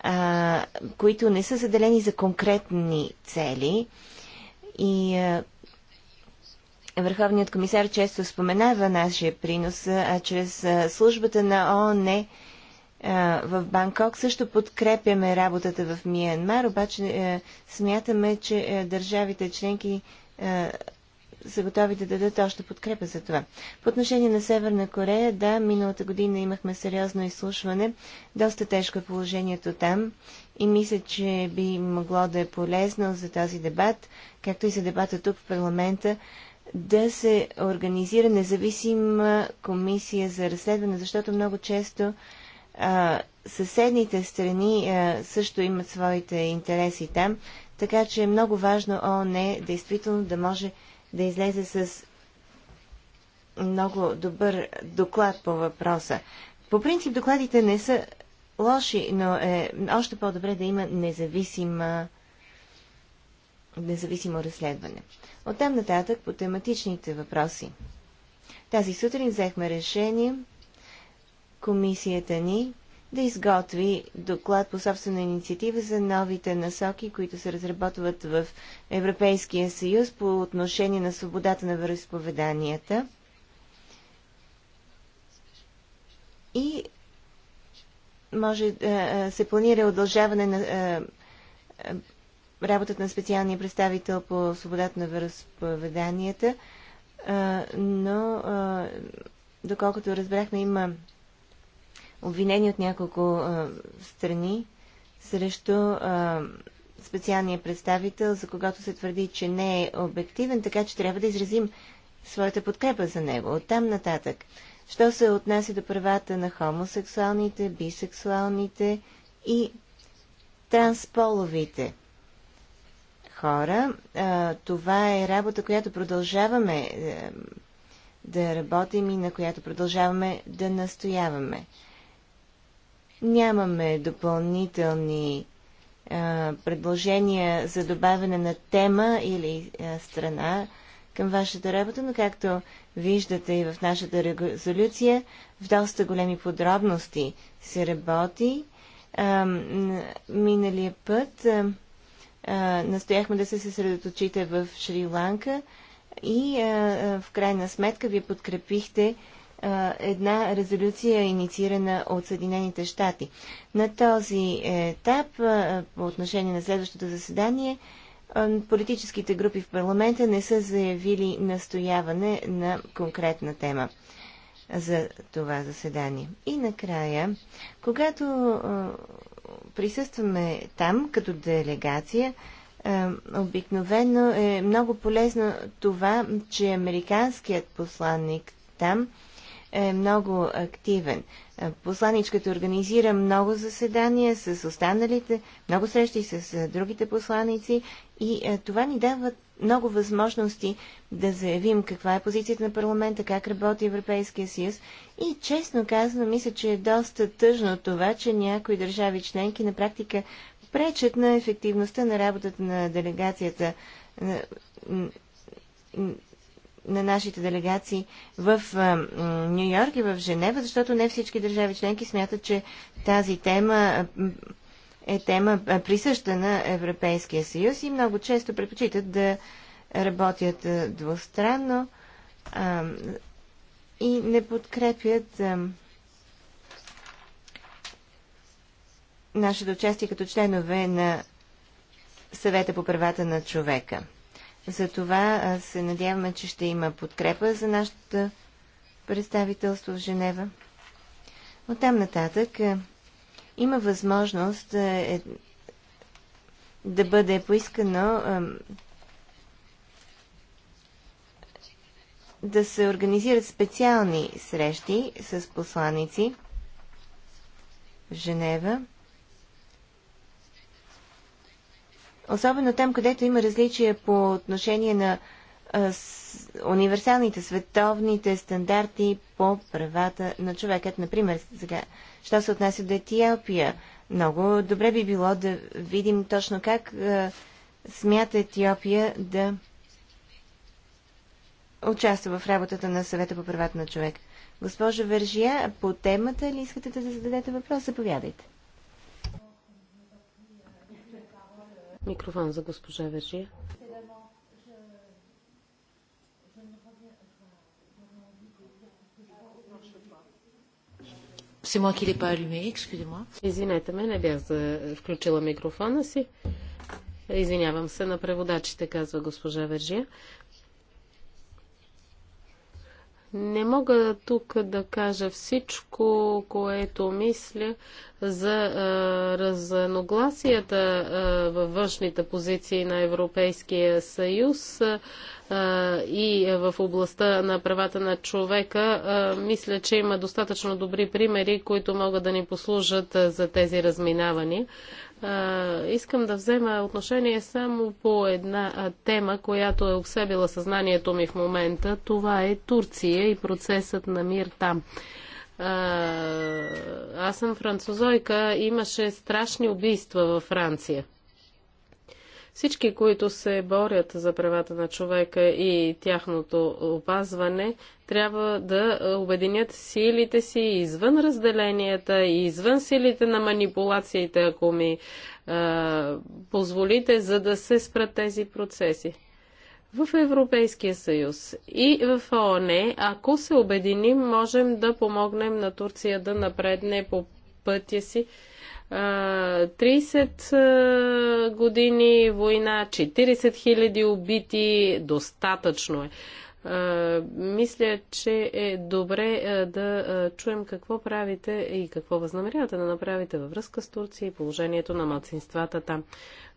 а, които не са заделени за конкретни цели. И а, Върховният комисар често споменава нашия принос, а чрез а, службата на ООН в Банкок също подкрепяме работата в Миянмар, обаче а, смятаме, че а, държавите членки а, са готови да дадат още подкрепа за това. По отношение на Северна Корея, да, миналата година имахме сериозно изслушване. Доста тежко е положението там и мисля, че би могло да е полезно за този дебат, както и за дебата тук в парламента, да се организира независима комисия за разследване, защото много често а, съседните страни а, също имат своите интереси там, така че е много важно ООН действително да може да излезе с много добър доклад по въпроса. По принцип докладите не са лоши, но е още по-добре да има независима независимо разследване. Оттам нататък по тематичните въпроси. Тази сутрин взехме решение комисията ни да изготви доклад по собствена инициатива за новите насоки, които се разработват в Европейския съюз по отношение на свободата на вероисповеданията. И може да е, е, се планира удължаване на е, работата на специалния представител по свободата на вероисповеданията, но доколкото разбрахме, има обвинени от няколко а, страни срещу а, специалния представител, за когато се твърди, че не е обективен, така че трябва да изразим своята подкрепа за него. Оттам нататък. Що се отнася до правата на хомосексуалните, бисексуалните и трансполовите хора, а, това е работа, която продължаваме а, е, да работим и на която продължаваме да настояваме. Нямаме допълнителни а, предложения за добавяне на тема или а, страна към вашата работа, но както виждате и в нашата резолюция, в доста големи подробности се работи. А, миналия път а, а, настояхме да се съсредоточите в Шри-Ланка и а, а, в крайна сметка вие подкрепихте а, една резолюция, инициирана от Съединените щати. На този етап, по отношение на следващото заседание, политическите групи в парламента не са заявили настояване на конкретна тема за това заседание. И накрая, когато присъстваме там като делегация, обикновено е много полезно това, че американският посланник там – е много активен. Е, Посланичката организира много заседания с останалите, много срещи с е, другите посланици и е, това ни дава много възможности да заявим каква е позицията на парламента, как работи Европейския съюз. И честно казано, мисля, че е доста тъжно това, че някои държави членки на практика пречат на ефективността на работата на делегацията на нашите делегации в Нью Йорк и в Женева, защото не всички държави членки смятат, че тази тема е тема присъща на Европейския съюз и много често предпочитат да работят двустранно и не подкрепят нашето участие като членове на съвета по правата на човека. За това се надяваме, че ще има подкрепа за нашата представителство в Женева. От там нататък има възможност е, да бъде поискано да се организират специални срещи с посланици в Женева особено там, където има различия по отношение на универсалните световните стандарти по правата на човекът. Например, сега, що се отнася до Етиопия, много добре би било да видим точно как смята Етиопия да участва в работата на съвета по правата на човек. Госпожо Вержия, по темата ли искате да зададете въпрос? Заповядайте. Микрофон за госпожа Вержия. Извинете ме, не бях за... включила микрофона си. Извинявам се на преводачите, казва госпожа Вержия. Не мога тук да кажа всичко, което мисля, за разногласията във външните позиции на Европейския съюз и в областта на правата на човека, мисля, че има достатъчно добри примери, които могат да ни послужат за тези разминавания. Искам да взема отношение само по една тема, която е обсебила съзнанието ми в момента. Това е Турция и процесът на мир там аз съм французойка, имаше страшни убийства във Франция. Всички, които се борят за правата на човека и тяхното опазване, трябва да обединят силите си извън разделенията и извън силите на манипулациите, ако ми а, позволите, за да се спрат тези процеси в Европейския съюз и в ООН, ако се обединим, можем да помогнем на Турция да напредне по пътя си. 30 години война, 40 000 убити, достатъчно е. Мисля, че е добре да чуем какво правите и какво възнамерявате да направите във връзка с Турция и положението на младсинствата там.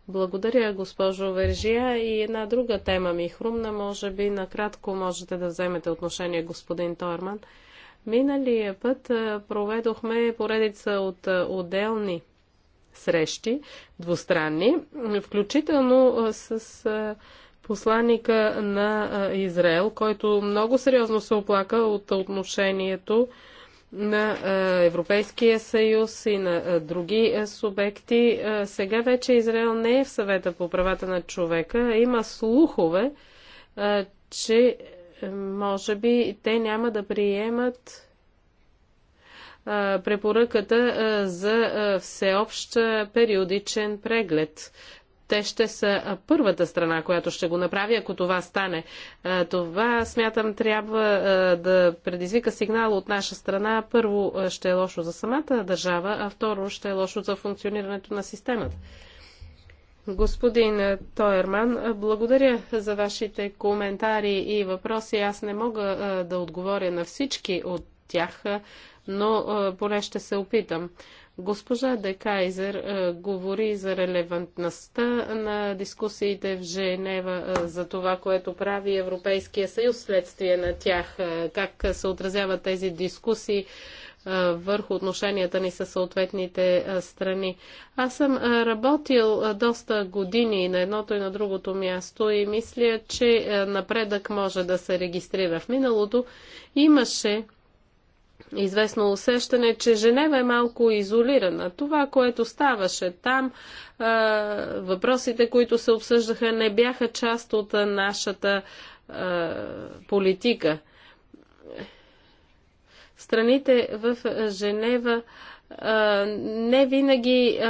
Благодаря, госпожо Вержия. И една друга тема ми хрумна, може би накратко можете да вземете отношение, господин Торман. Миналия път проведохме поредица от отделни срещи, двустранни, включително с посланника на Израел, който много сериозно се оплака от отношението на Европейския съюз и на други субекти. Сега вече Израел не е в съвета по правата на човека. Има слухове, че може би те няма да приемат препоръката за всеобщ периодичен преглед те ще са първата страна, която ще го направи, ако това стане. Това, смятам, трябва да предизвика сигнал от наша страна. Първо ще е лошо за самата държава, а второ ще е лошо за функционирането на системата. Господин Тойерман, благодаря за вашите коментари и въпроси. Аз не мога да отговоря на всички от тях, но поне ще се опитам. Госпожа Декайзер Кайзер е, говори за релевантността на дискусиите в Женева, е, за това, което прави Европейския съюз следствие на тях, е, как се отразяват тези дискусии върху отношенията ни с съответните страни. Аз съм работил доста години на едното и на другото място и мисля, че напредък може да се регистрира. В миналото имаше известно усещане, че Женева е малко изолирана. Това, което ставаше там, въпросите, които се обсъждаха, не бяха част от нашата политика. Страните в Женева не винаги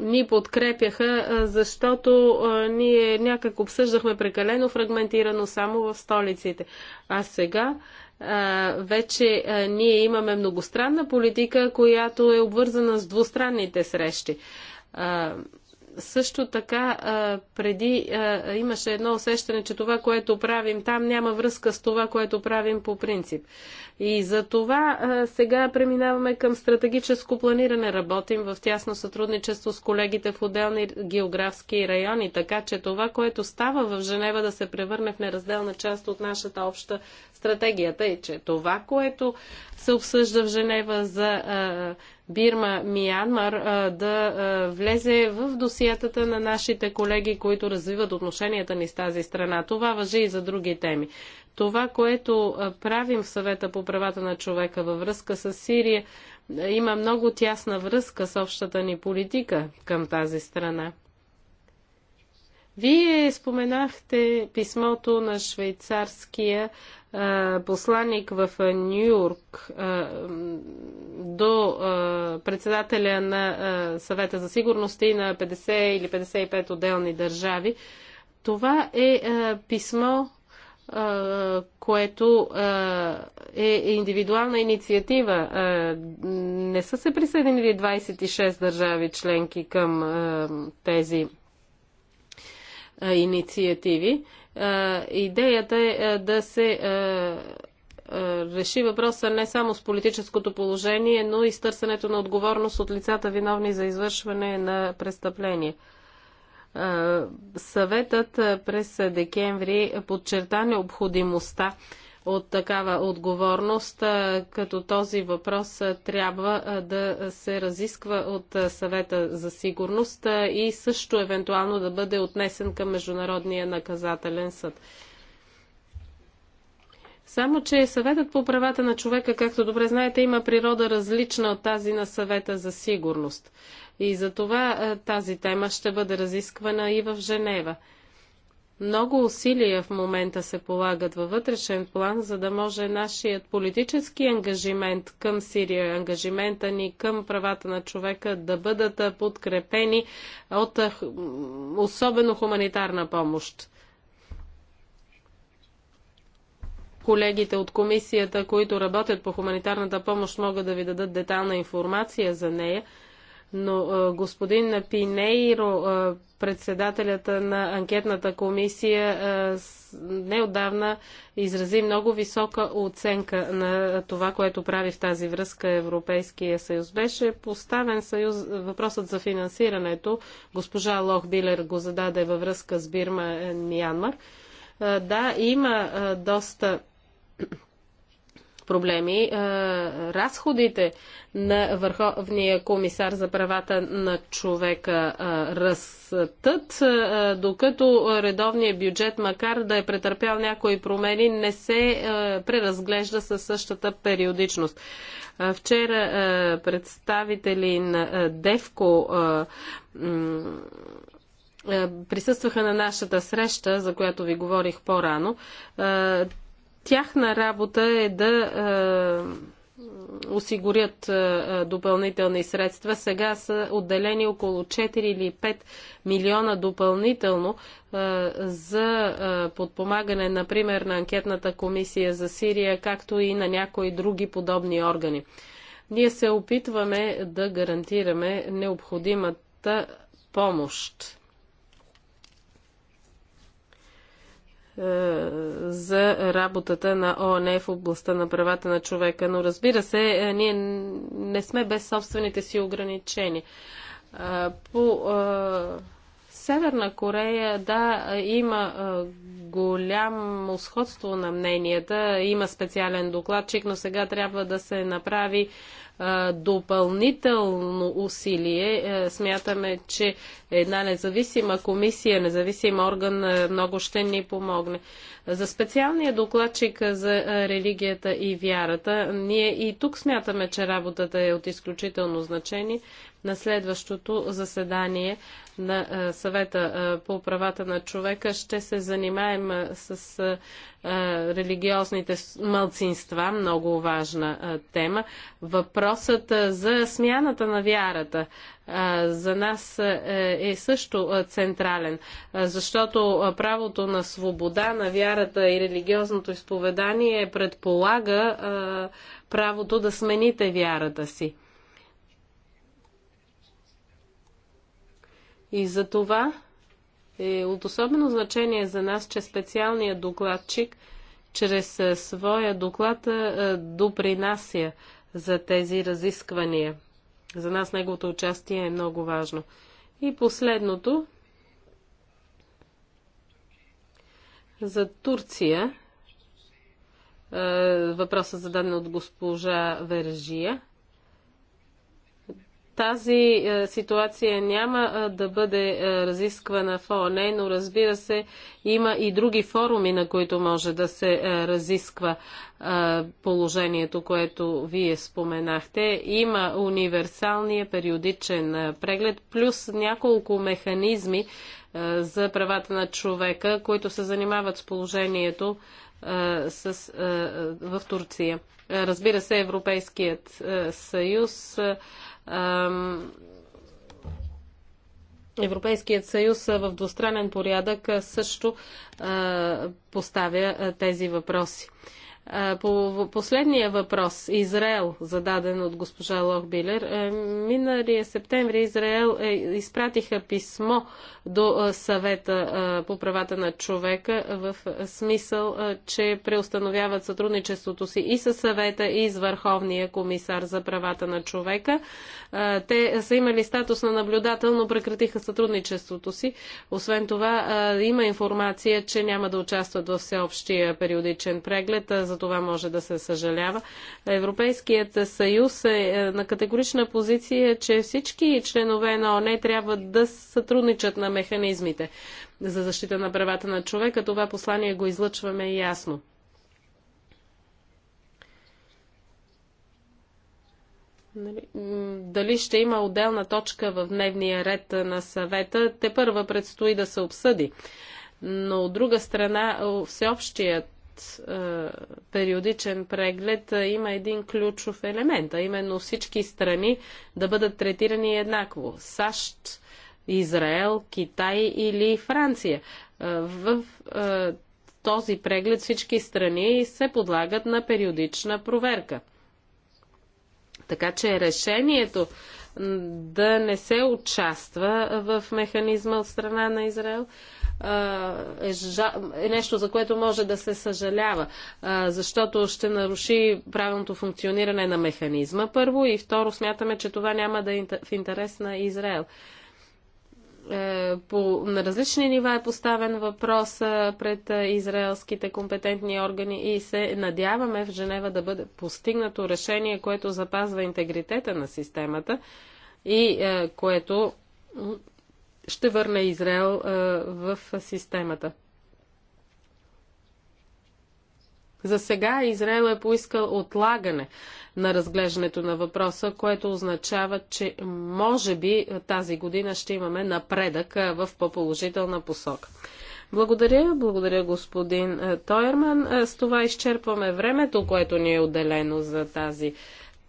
ни подкрепяха, защото ние някак обсъждахме прекалено фрагментирано само в столиците. А сега вече ние имаме многостранна политика, която е обвързана с двустранните срещи също така а, преди а, имаше едно усещане, че това, което правим там, няма връзка с това, което правим по принцип. И за това а, сега преминаваме към стратегическо планиране. Работим в тясно сътрудничество с колегите в отделни географски райони, така че това, което става в Женева да се превърне в неразделна част от нашата обща стратегия. Тъй, че това, което се обсъжда в Женева за а, Бирма, Миянмар да влезе в досиятата на нашите колеги, които развиват отношенията ни с тази страна. Това въжи и за други теми. Това, което правим в съвета по правата на човека във връзка с Сирия, има много тясна връзка с общата ни политика към тази страна. Вие споменахте писмото на швейцарския а, посланник в Нью-Йорк до а, председателя на а, съвета за сигурност и на 50 или 55 отделни държави. Това е писмо, което е индивидуална инициатива. Не са се присъединили 26 държави членки към тези инициативи. Идеята е да се реши въпроса не само с политическото положение, но и с търсенето на отговорност от лицата виновни за извършване на престъпление. Съветът през декември подчерта необходимостта от такава отговорност, като този въпрос трябва да се разисква от съвета за сигурност и също евентуално да бъде отнесен към Международния наказателен съд. Само, че съветът по правата на човека, както добре знаете, има природа различна от тази на съвета за сигурност. И за това тази тема ще бъде разисквана и в Женева. Много усилия в момента се полагат във вътрешен план, за да може нашият политически ангажимент към Сирия, ангажимента ни към правата на човека да бъдат подкрепени от особено хуманитарна помощ. колегите от комисията, които работят по хуманитарната помощ, могат да ви дадат детална информация за нея. Но господин Пинейро, председателят на анкетната комисия, неодавна изрази много висока оценка на това, което прави в тази връзка Европейския съюз. Беше поставен съюз, въпросът за финансирането. Госпожа Лох Билер го зададе във връзка с Бирма Миянмар. Да, има доста проблеми. Е, разходите на Върховния комисар за правата на човека е, растат, е, докато редовният бюджет, макар да е претърпял някои промени, не се преразглежда със същата периодичност. Вчера представители на ДЕВКО присъстваха на нашата среща, за която ви говорих по-рано. Тяхна работа е да е, осигурят е, е, допълнителни средства. Сега са отделени около 4 или 5 милиона допълнително за подпомагане, например, на анкетната комисия за Сирия, както и на някои други подобни органи. Ние се опитваме да гарантираме необходимата помощ Е, за работата на ООН в областта на правата на човека. Но разбира се, е, ние не сме без собствените си ограничения. Е, по Северна Корея, да, има голямо сходство на мненията. Има специален докладчик, но сега трябва да се направи допълнително усилие. Е, смятаме, че една независима комисия, независим орган е, много ще ни помогне. За специалния докладчик за е, религията и вярата, ние и тук смятаме, че работата е от изключително значение. На следващото заседание на съвета по правата на човека ще се занимаем с религиозните мълцинства, много важна тема. Въпросът за смяната на вярата за нас е, е също централен, защото правото на свобода на вярата и религиозното изповедание предполага правото да смените вярата си. И за това е от особено значение за нас, че специалният докладчик чрез своя доклад допринася за тези разисквания. За нас неговото участие е много важно. И последното за Турция. Въпросът зададен от госпожа Вержия. Тази е, ситуация няма е, да бъде е, разисквана в ООН, но разбира се, има и други форуми, на които може да се е, разисква е, положението, което вие споменахте. Има универсалния периодичен е, преглед, плюс няколко механизми за правата на човека, които се занимават с положението с, в Турция. Разбира се, Европейският съюз Европейският съюз в двустранен порядък също поставя тези въпроси. По последния въпрос, Израел, зададен от госпожа Лохбилер, е, миналия септември Израел е, изпратиха писмо до съвета по правата на човека в смисъл, че преустановяват сътрудничеството си и с съвета, и с Върховния комисар за правата на човека. Те са имали статус на наблюдател, но прекратиха сътрудничеството си. Освен това, има информация, че няма да участват в всеобщия периодичен преглед за това може да се съжалява. Европейският съюз е, е на категорична позиция, че всички членове на ОНЕ трябва да сътрудничат на механизмите за защита на правата на човека. Това послание го излъчваме ясно. Нали, дали ще има отделна точка в дневния ред на съвета, те първа предстои да се обсъди. Но от друга страна, всеобщият е, периодичен преглед е, има един ключов елемент, а именно всички страни да бъдат третирани еднакво. САЩ, Израел, Китай или Франция. Е, в този преглед всички страни се подлагат на периодична проверка. Така че решението да не се участва в механизма от страна на Израел е, жа... е нещо, за което може да се съжалява, а, защото ще наруши правилното функциониране на механизма, първо, и второ, смятаме, че това няма да е в интерес на Израел е, по, на различни нива е поставен въпрос пред израелските компетентни органи и се надяваме в Женева да бъде постигнато решение, което запазва интегритета на системата и е, което ще върне Израел в системата. За сега Израел е поискал отлагане на разглеждането на въпроса, което означава, че може би тази година ще имаме напредък в по-положителна посока. Благодаря, благодаря господин Тойерман. С това изчерпваме времето, което ни е отделено за тази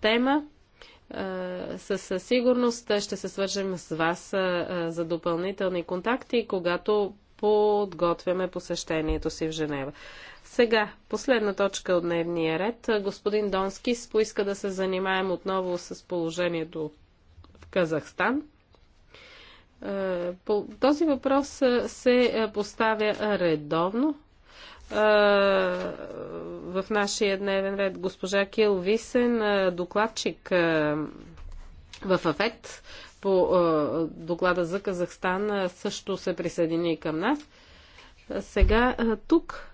тема. Е, със сигурност ще се свържем с вас е, е, за допълнителни контакти, когато подготвяме посещението си в Женева. Сега, последна точка от дневния ред. Господин Донски поиска да се занимаем отново с положението в Казахстан. този въпрос се поставя редовно в нашия дневен ред госпожа Кил Висен, докладчик в АФЕТ по доклада за Казахстан, също се присъедини към нас. Сега тук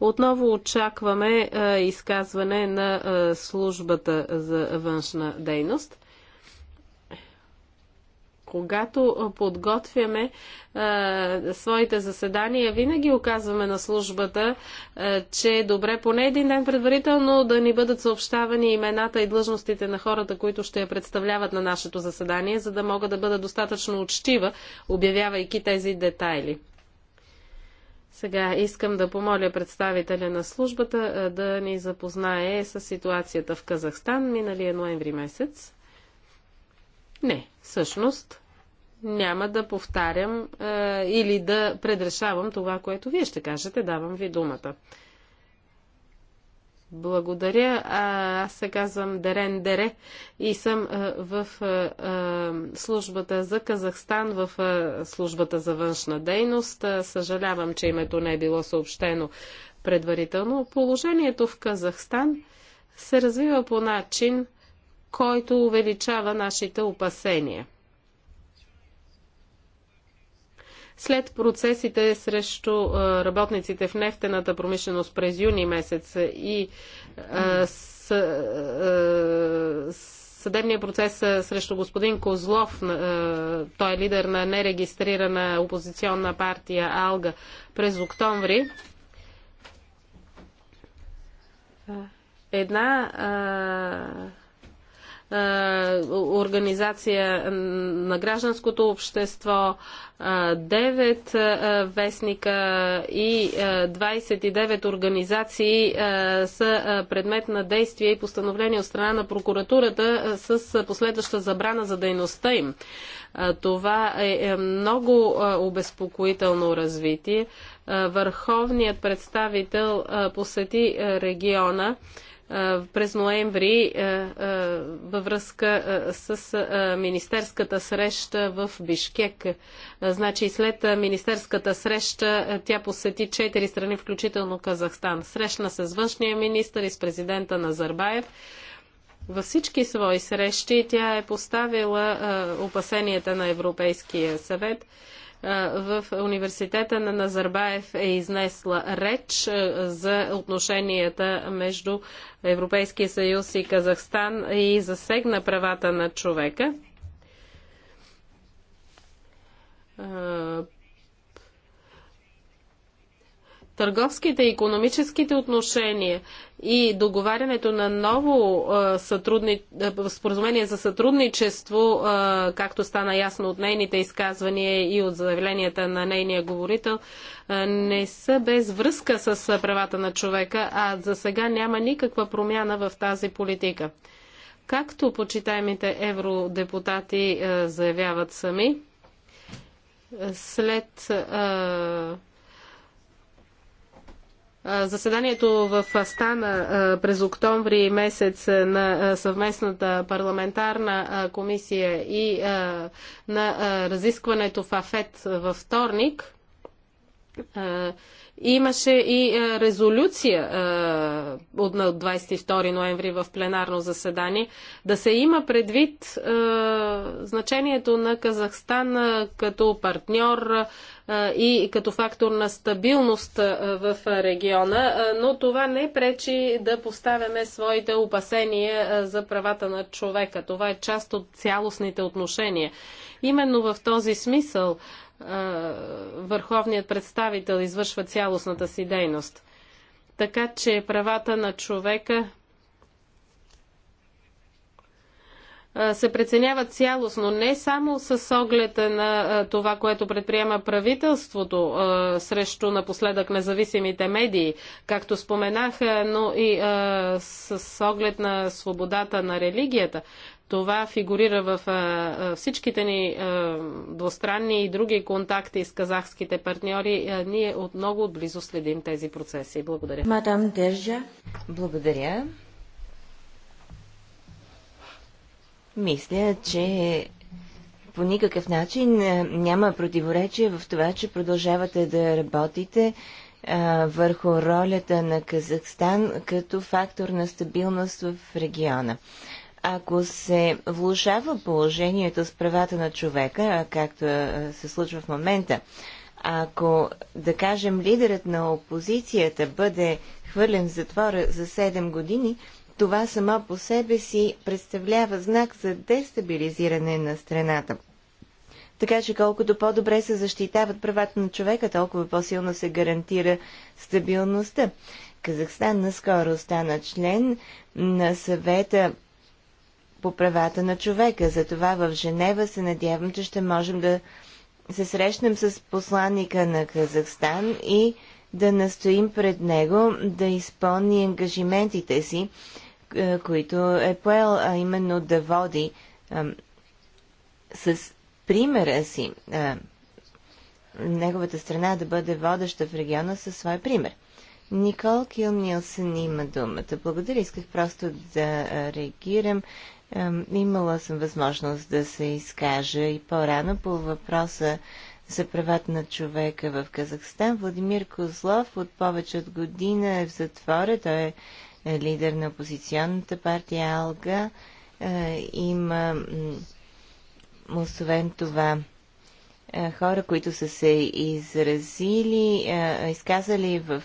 отново очакваме изказване на службата за външна дейност. Когато подготвяме е, своите заседания, винаги оказваме на службата, е, че е добре поне един ден предварително да ни бъдат съобщавани имената и длъжностите на хората, които ще я представляват на нашето заседание, за да мога да бъда достатъчно учтива, обявявайки тези детайли. Сега искам да помоля представителя на службата да ни запознае с ситуацията в Казахстан миналия ноември месец. Не, всъщност няма да повтарям е, или да предрешавам това, което вие ще кажете. Давам ви думата. Благодаря. А, аз се казвам Дерен Дере и съм а, е, в а, е, е, службата за Казахстан, в а, службата за външна дейност. А, съжалявам, че името не е било съобщено предварително. Положението в Казахстан се развива по начин, който увеличава нашите опасения. След процесите срещу работниците в нефтената промишленост през юни месец и съдебния процес срещу господин Козлов, той е лидер на нерегистрирана опозиционна партия Алга през октомври, една е, организация на гражданското общество, 9 е, е, вестника и 29 организации са предмет на действие и постановление от страна на прокуратурата с последваща забрана за дейността им. Това е много обезпокоително развитие. Върховният представител посети региона през ноември във връзка с министерската среща в Бишкек. Значи след министерската среща тя посети четири страни, включително Казахстан. Срещна се с външния министр и с президента Назарбаев. Във всички свои срещи тя е поставила опасенията на Европейския съвет в университета на Назарбаев е изнесла реч за отношенията между Европейския съюз и Казахстан и засегна правата на човека Търговските и економическите отношения и договарянето на ново сътрудни... споразумение за сътрудничество, както стана ясно от нейните изказвания и от заявленията на нейния говорител, не са без връзка с правата на човека, а за сега няма никаква промяна в тази политика. Както почитаемите евродепутати заявяват сами, след Заседанието в Астана през октомври месец на съвместната парламентарна комисия и на разискването в АФЕТ във вторник Имаше и е, резолюция е, от 22 ноември в пленарно заседание да се има предвид е, значението на Казахстан като партньор и като фактор на стабилност в региона, но това не пречи да поставяме своите опасения за правата на човека. Това е част от цялостните отношения. Именно в този смисъл върховният представител извършва цялостната си дейност. Така че правата на човека се преценяват цялостно, не само с оглед на това, което предприема правителството срещу напоследък независимите медии, както споменах, но и с оглед на свободата на религията. Това фигурира в всичките ни двустранни и други контакти с казахските партньори. Ние от много отблизо следим тези процеси. Благодаря. Мадам Държа. Благодаря. Мисля, че по никакъв начин няма противоречие в това, че продължавате да работите върху ролята на Казахстан като фактор на стабилност в региона. Ако се влушава положението с правата на човека, както се случва в момента, ако, да кажем, лидерът на опозицията бъде хвърлен в затвора за 7 години, това само по себе си представлява знак за дестабилизиране на страната. Така че колкото по-добре се защитават правата на човека, толкова по-силно се гарантира стабилността. Казахстан наскоро стана член на съвета по правата на човека. Затова в Женева се надявам, че ще можем да се срещнем с посланника на Казахстан и да настоим пред него да изпълни ангажиментите си, е, които е поел, а именно да води а, е, с примера си а, е, неговата страна да бъде водеща в региона със свой пример. Никол Кил Нилсен има думата. Благодаря, исках просто да реагирам Имала съм възможност да се изкажа и по-рано по въпроса за правата на човека в Казахстан. Владимир Козлов от повече от година е в затвора. Той е лидер на опозиционната партия Алга. Е, има, освен това, е, хора, които са се изразили, е, изказали в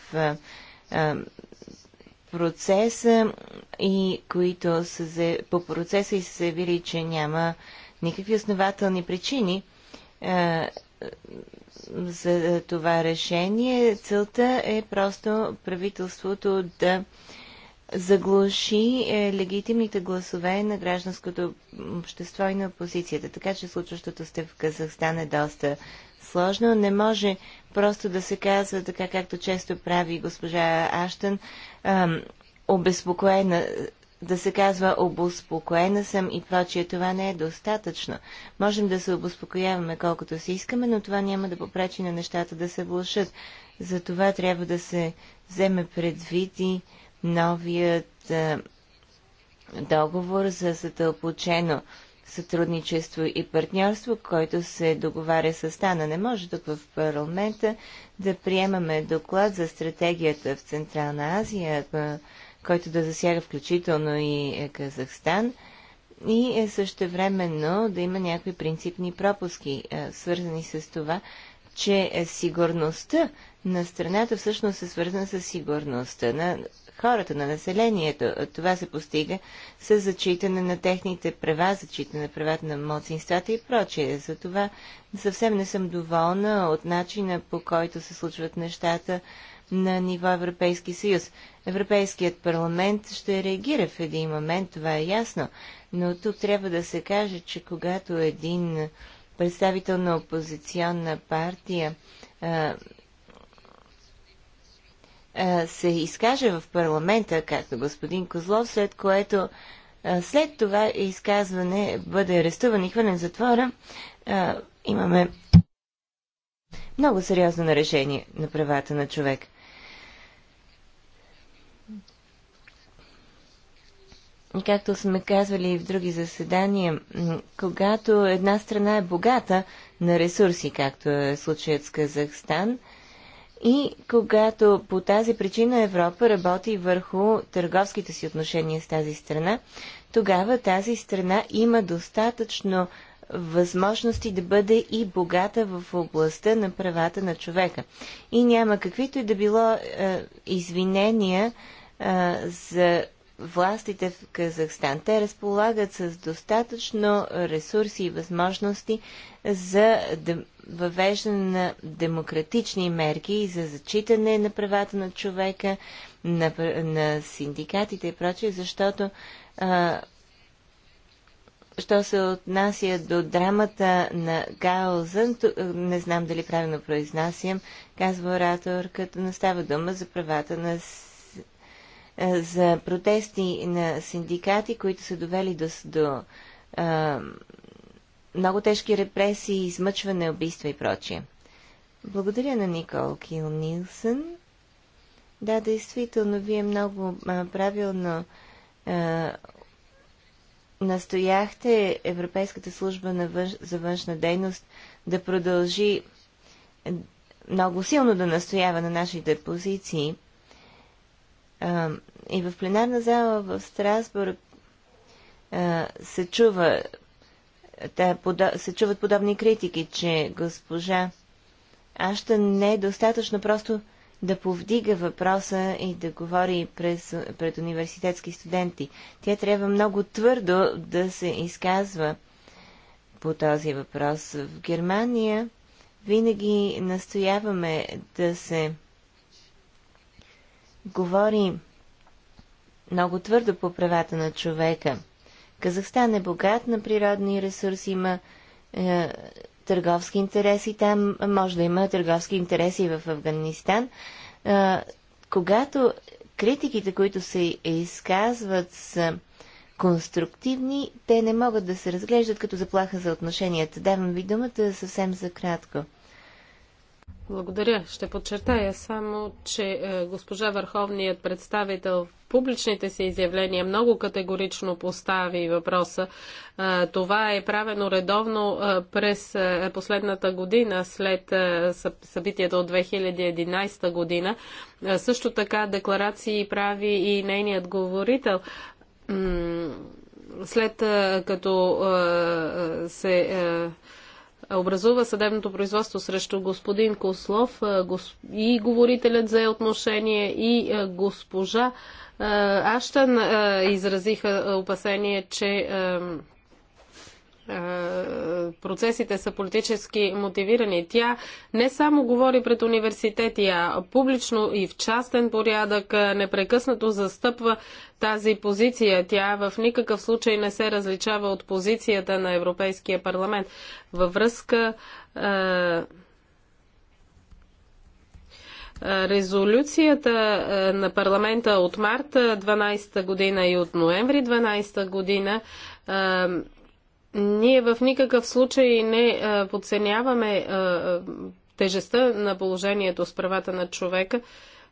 процеса и които са, за... по процеса и са заявили, че няма никакви основателни причини а, е, за това решение. Целта е просто правителството да заглуши е, легитимните гласове на гражданското общество и на опозицията. Така че случващото сте в Казахстан е доста сложно. Не може просто да се казва, така както често прави госпожа Аштън, обезпокоена, да се казва обезпокоена съм и прочие. Това не е достатъчно. Можем да се обезпокояваме колкото си искаме, но това няма да попречи на нещата да се влушат. За това трябва да се вземе предвид и новият а, договор за задълбочено сътрудничество и партньорство, който се договаря с Стана. Не може тук в парламента да приемаме доклад за стратегията в Централна Азия, който да засяга включително и е, Казахстан и е, също времено да има някои принципни пропуски, е, свързани с това, че сигурността на страната всъщност е свързана с сигурността на хората, на населението. Това се постига с зачитане на техните права, зачитане на правата на младсинствата и прочие. Затова съвсем не съм доволна от начина по който се случват нещата на ниво Европейски съюз. Европейският парламент ще реагира в един момент, това е ясно, но тук трябва да се каже, че когато един представител на опозиционна партия се изкаже в парламента, както господин Козлов, след което след това изказване бъде арестуван и хвърлен затвора, имаме много сериозно нарешение на правата на човек. както сме казвали и в други заседания, когато една страна е богата на ресурси, както е случаят с Казахстан – и когато по тази причина Европа работи върху търговските си отношения с тази страна, тогава тази страна има достатъчно възможности да бъде и богата в областта на правата на човека. И няма каквито и да било е, извинения е, за властите в Казахстан. Те разполагат с достатъчно ресурси и възможности за въвеждане на демократични мерки и за зачитане на правата на човека, на, на синдикатите и прочее, защото а, що се отнася до драмата на Гаузън, не знам дали правилно произнасям, казва ораторката, не става дума за правата на е, за протести на синдикати, които са довели до, до а, много тежки репресии, измъчване, убийства и прочие. Благодаря на Никол Кил Нилсън. Да, действително, вие много а, правилно а, настояхте Европейската служба на външ, за външна дейност да продължи много силно да настоява на нашите позиции а, и в пленарна зала в Страсбург а, се, чува, та, подо, се чуват подобни критики, че госпожа Аща не е достатъчно просто да повдига въпроса и да говори през, пред университетски студенти. Тя трябва много твърдо да се изказва по този въпрос. В Германия винаги настояваме да се говори много твърдо по правата на човека. Казахстан е богат на природни ресурси, има е, търговски интереси там, може да има търговски интереси в Афганистан. Е, когато критиките, които се изказват, са конструктивни, те не могат да се разглеждат като заплаха за отношенията. Давам ви думата съвсем за кратко. Благодаря. Ще подчертая само, че е, госпожа Върховният представител в публичните си изявления много категорично постави въпроса. Е, това е правено редовно е, през последната година, след събитията от 2011 година. Също така декларации прави и нейният говорител след като се образува съдебното производство срещу господин Кослов и говорителят за отношение и госпожа Аштан изразиха опасение, че е, процесите са политически мотивирани. Тя не само говори пред университети, а публично и в частен порядък е, непрекъснато застъпва тази позиция. Тя в никакъв случай не се различава от позицията на Европейския парламент. Във връзка е, резолюцията на парламента от март 12 година и от ноември 12 година ние в никакъв случай не подценяваме тежестта на положението с правата на човека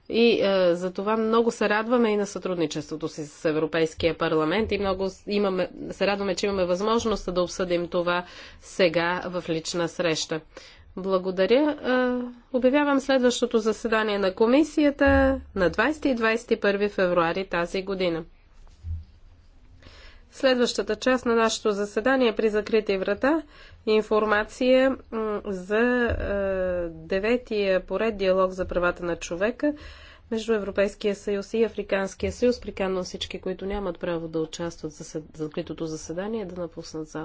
и за това много се радваме и на сътрудничеството си с Европейския парламент и много имаме, се радваме, че имаме възможност да обсъдим това сега в лична среща. Благодаря. обявявам следващото заседание на комисията на 20 и 21 февруари тази година. Следващата част на нашето заседание е при закрити врата информация за е, деветия поред диалог за правата на човека между Европейския съюз и Африканския съюз. Приканвам всички, които нямат право да участват в закритото заседание, да напуснат зала.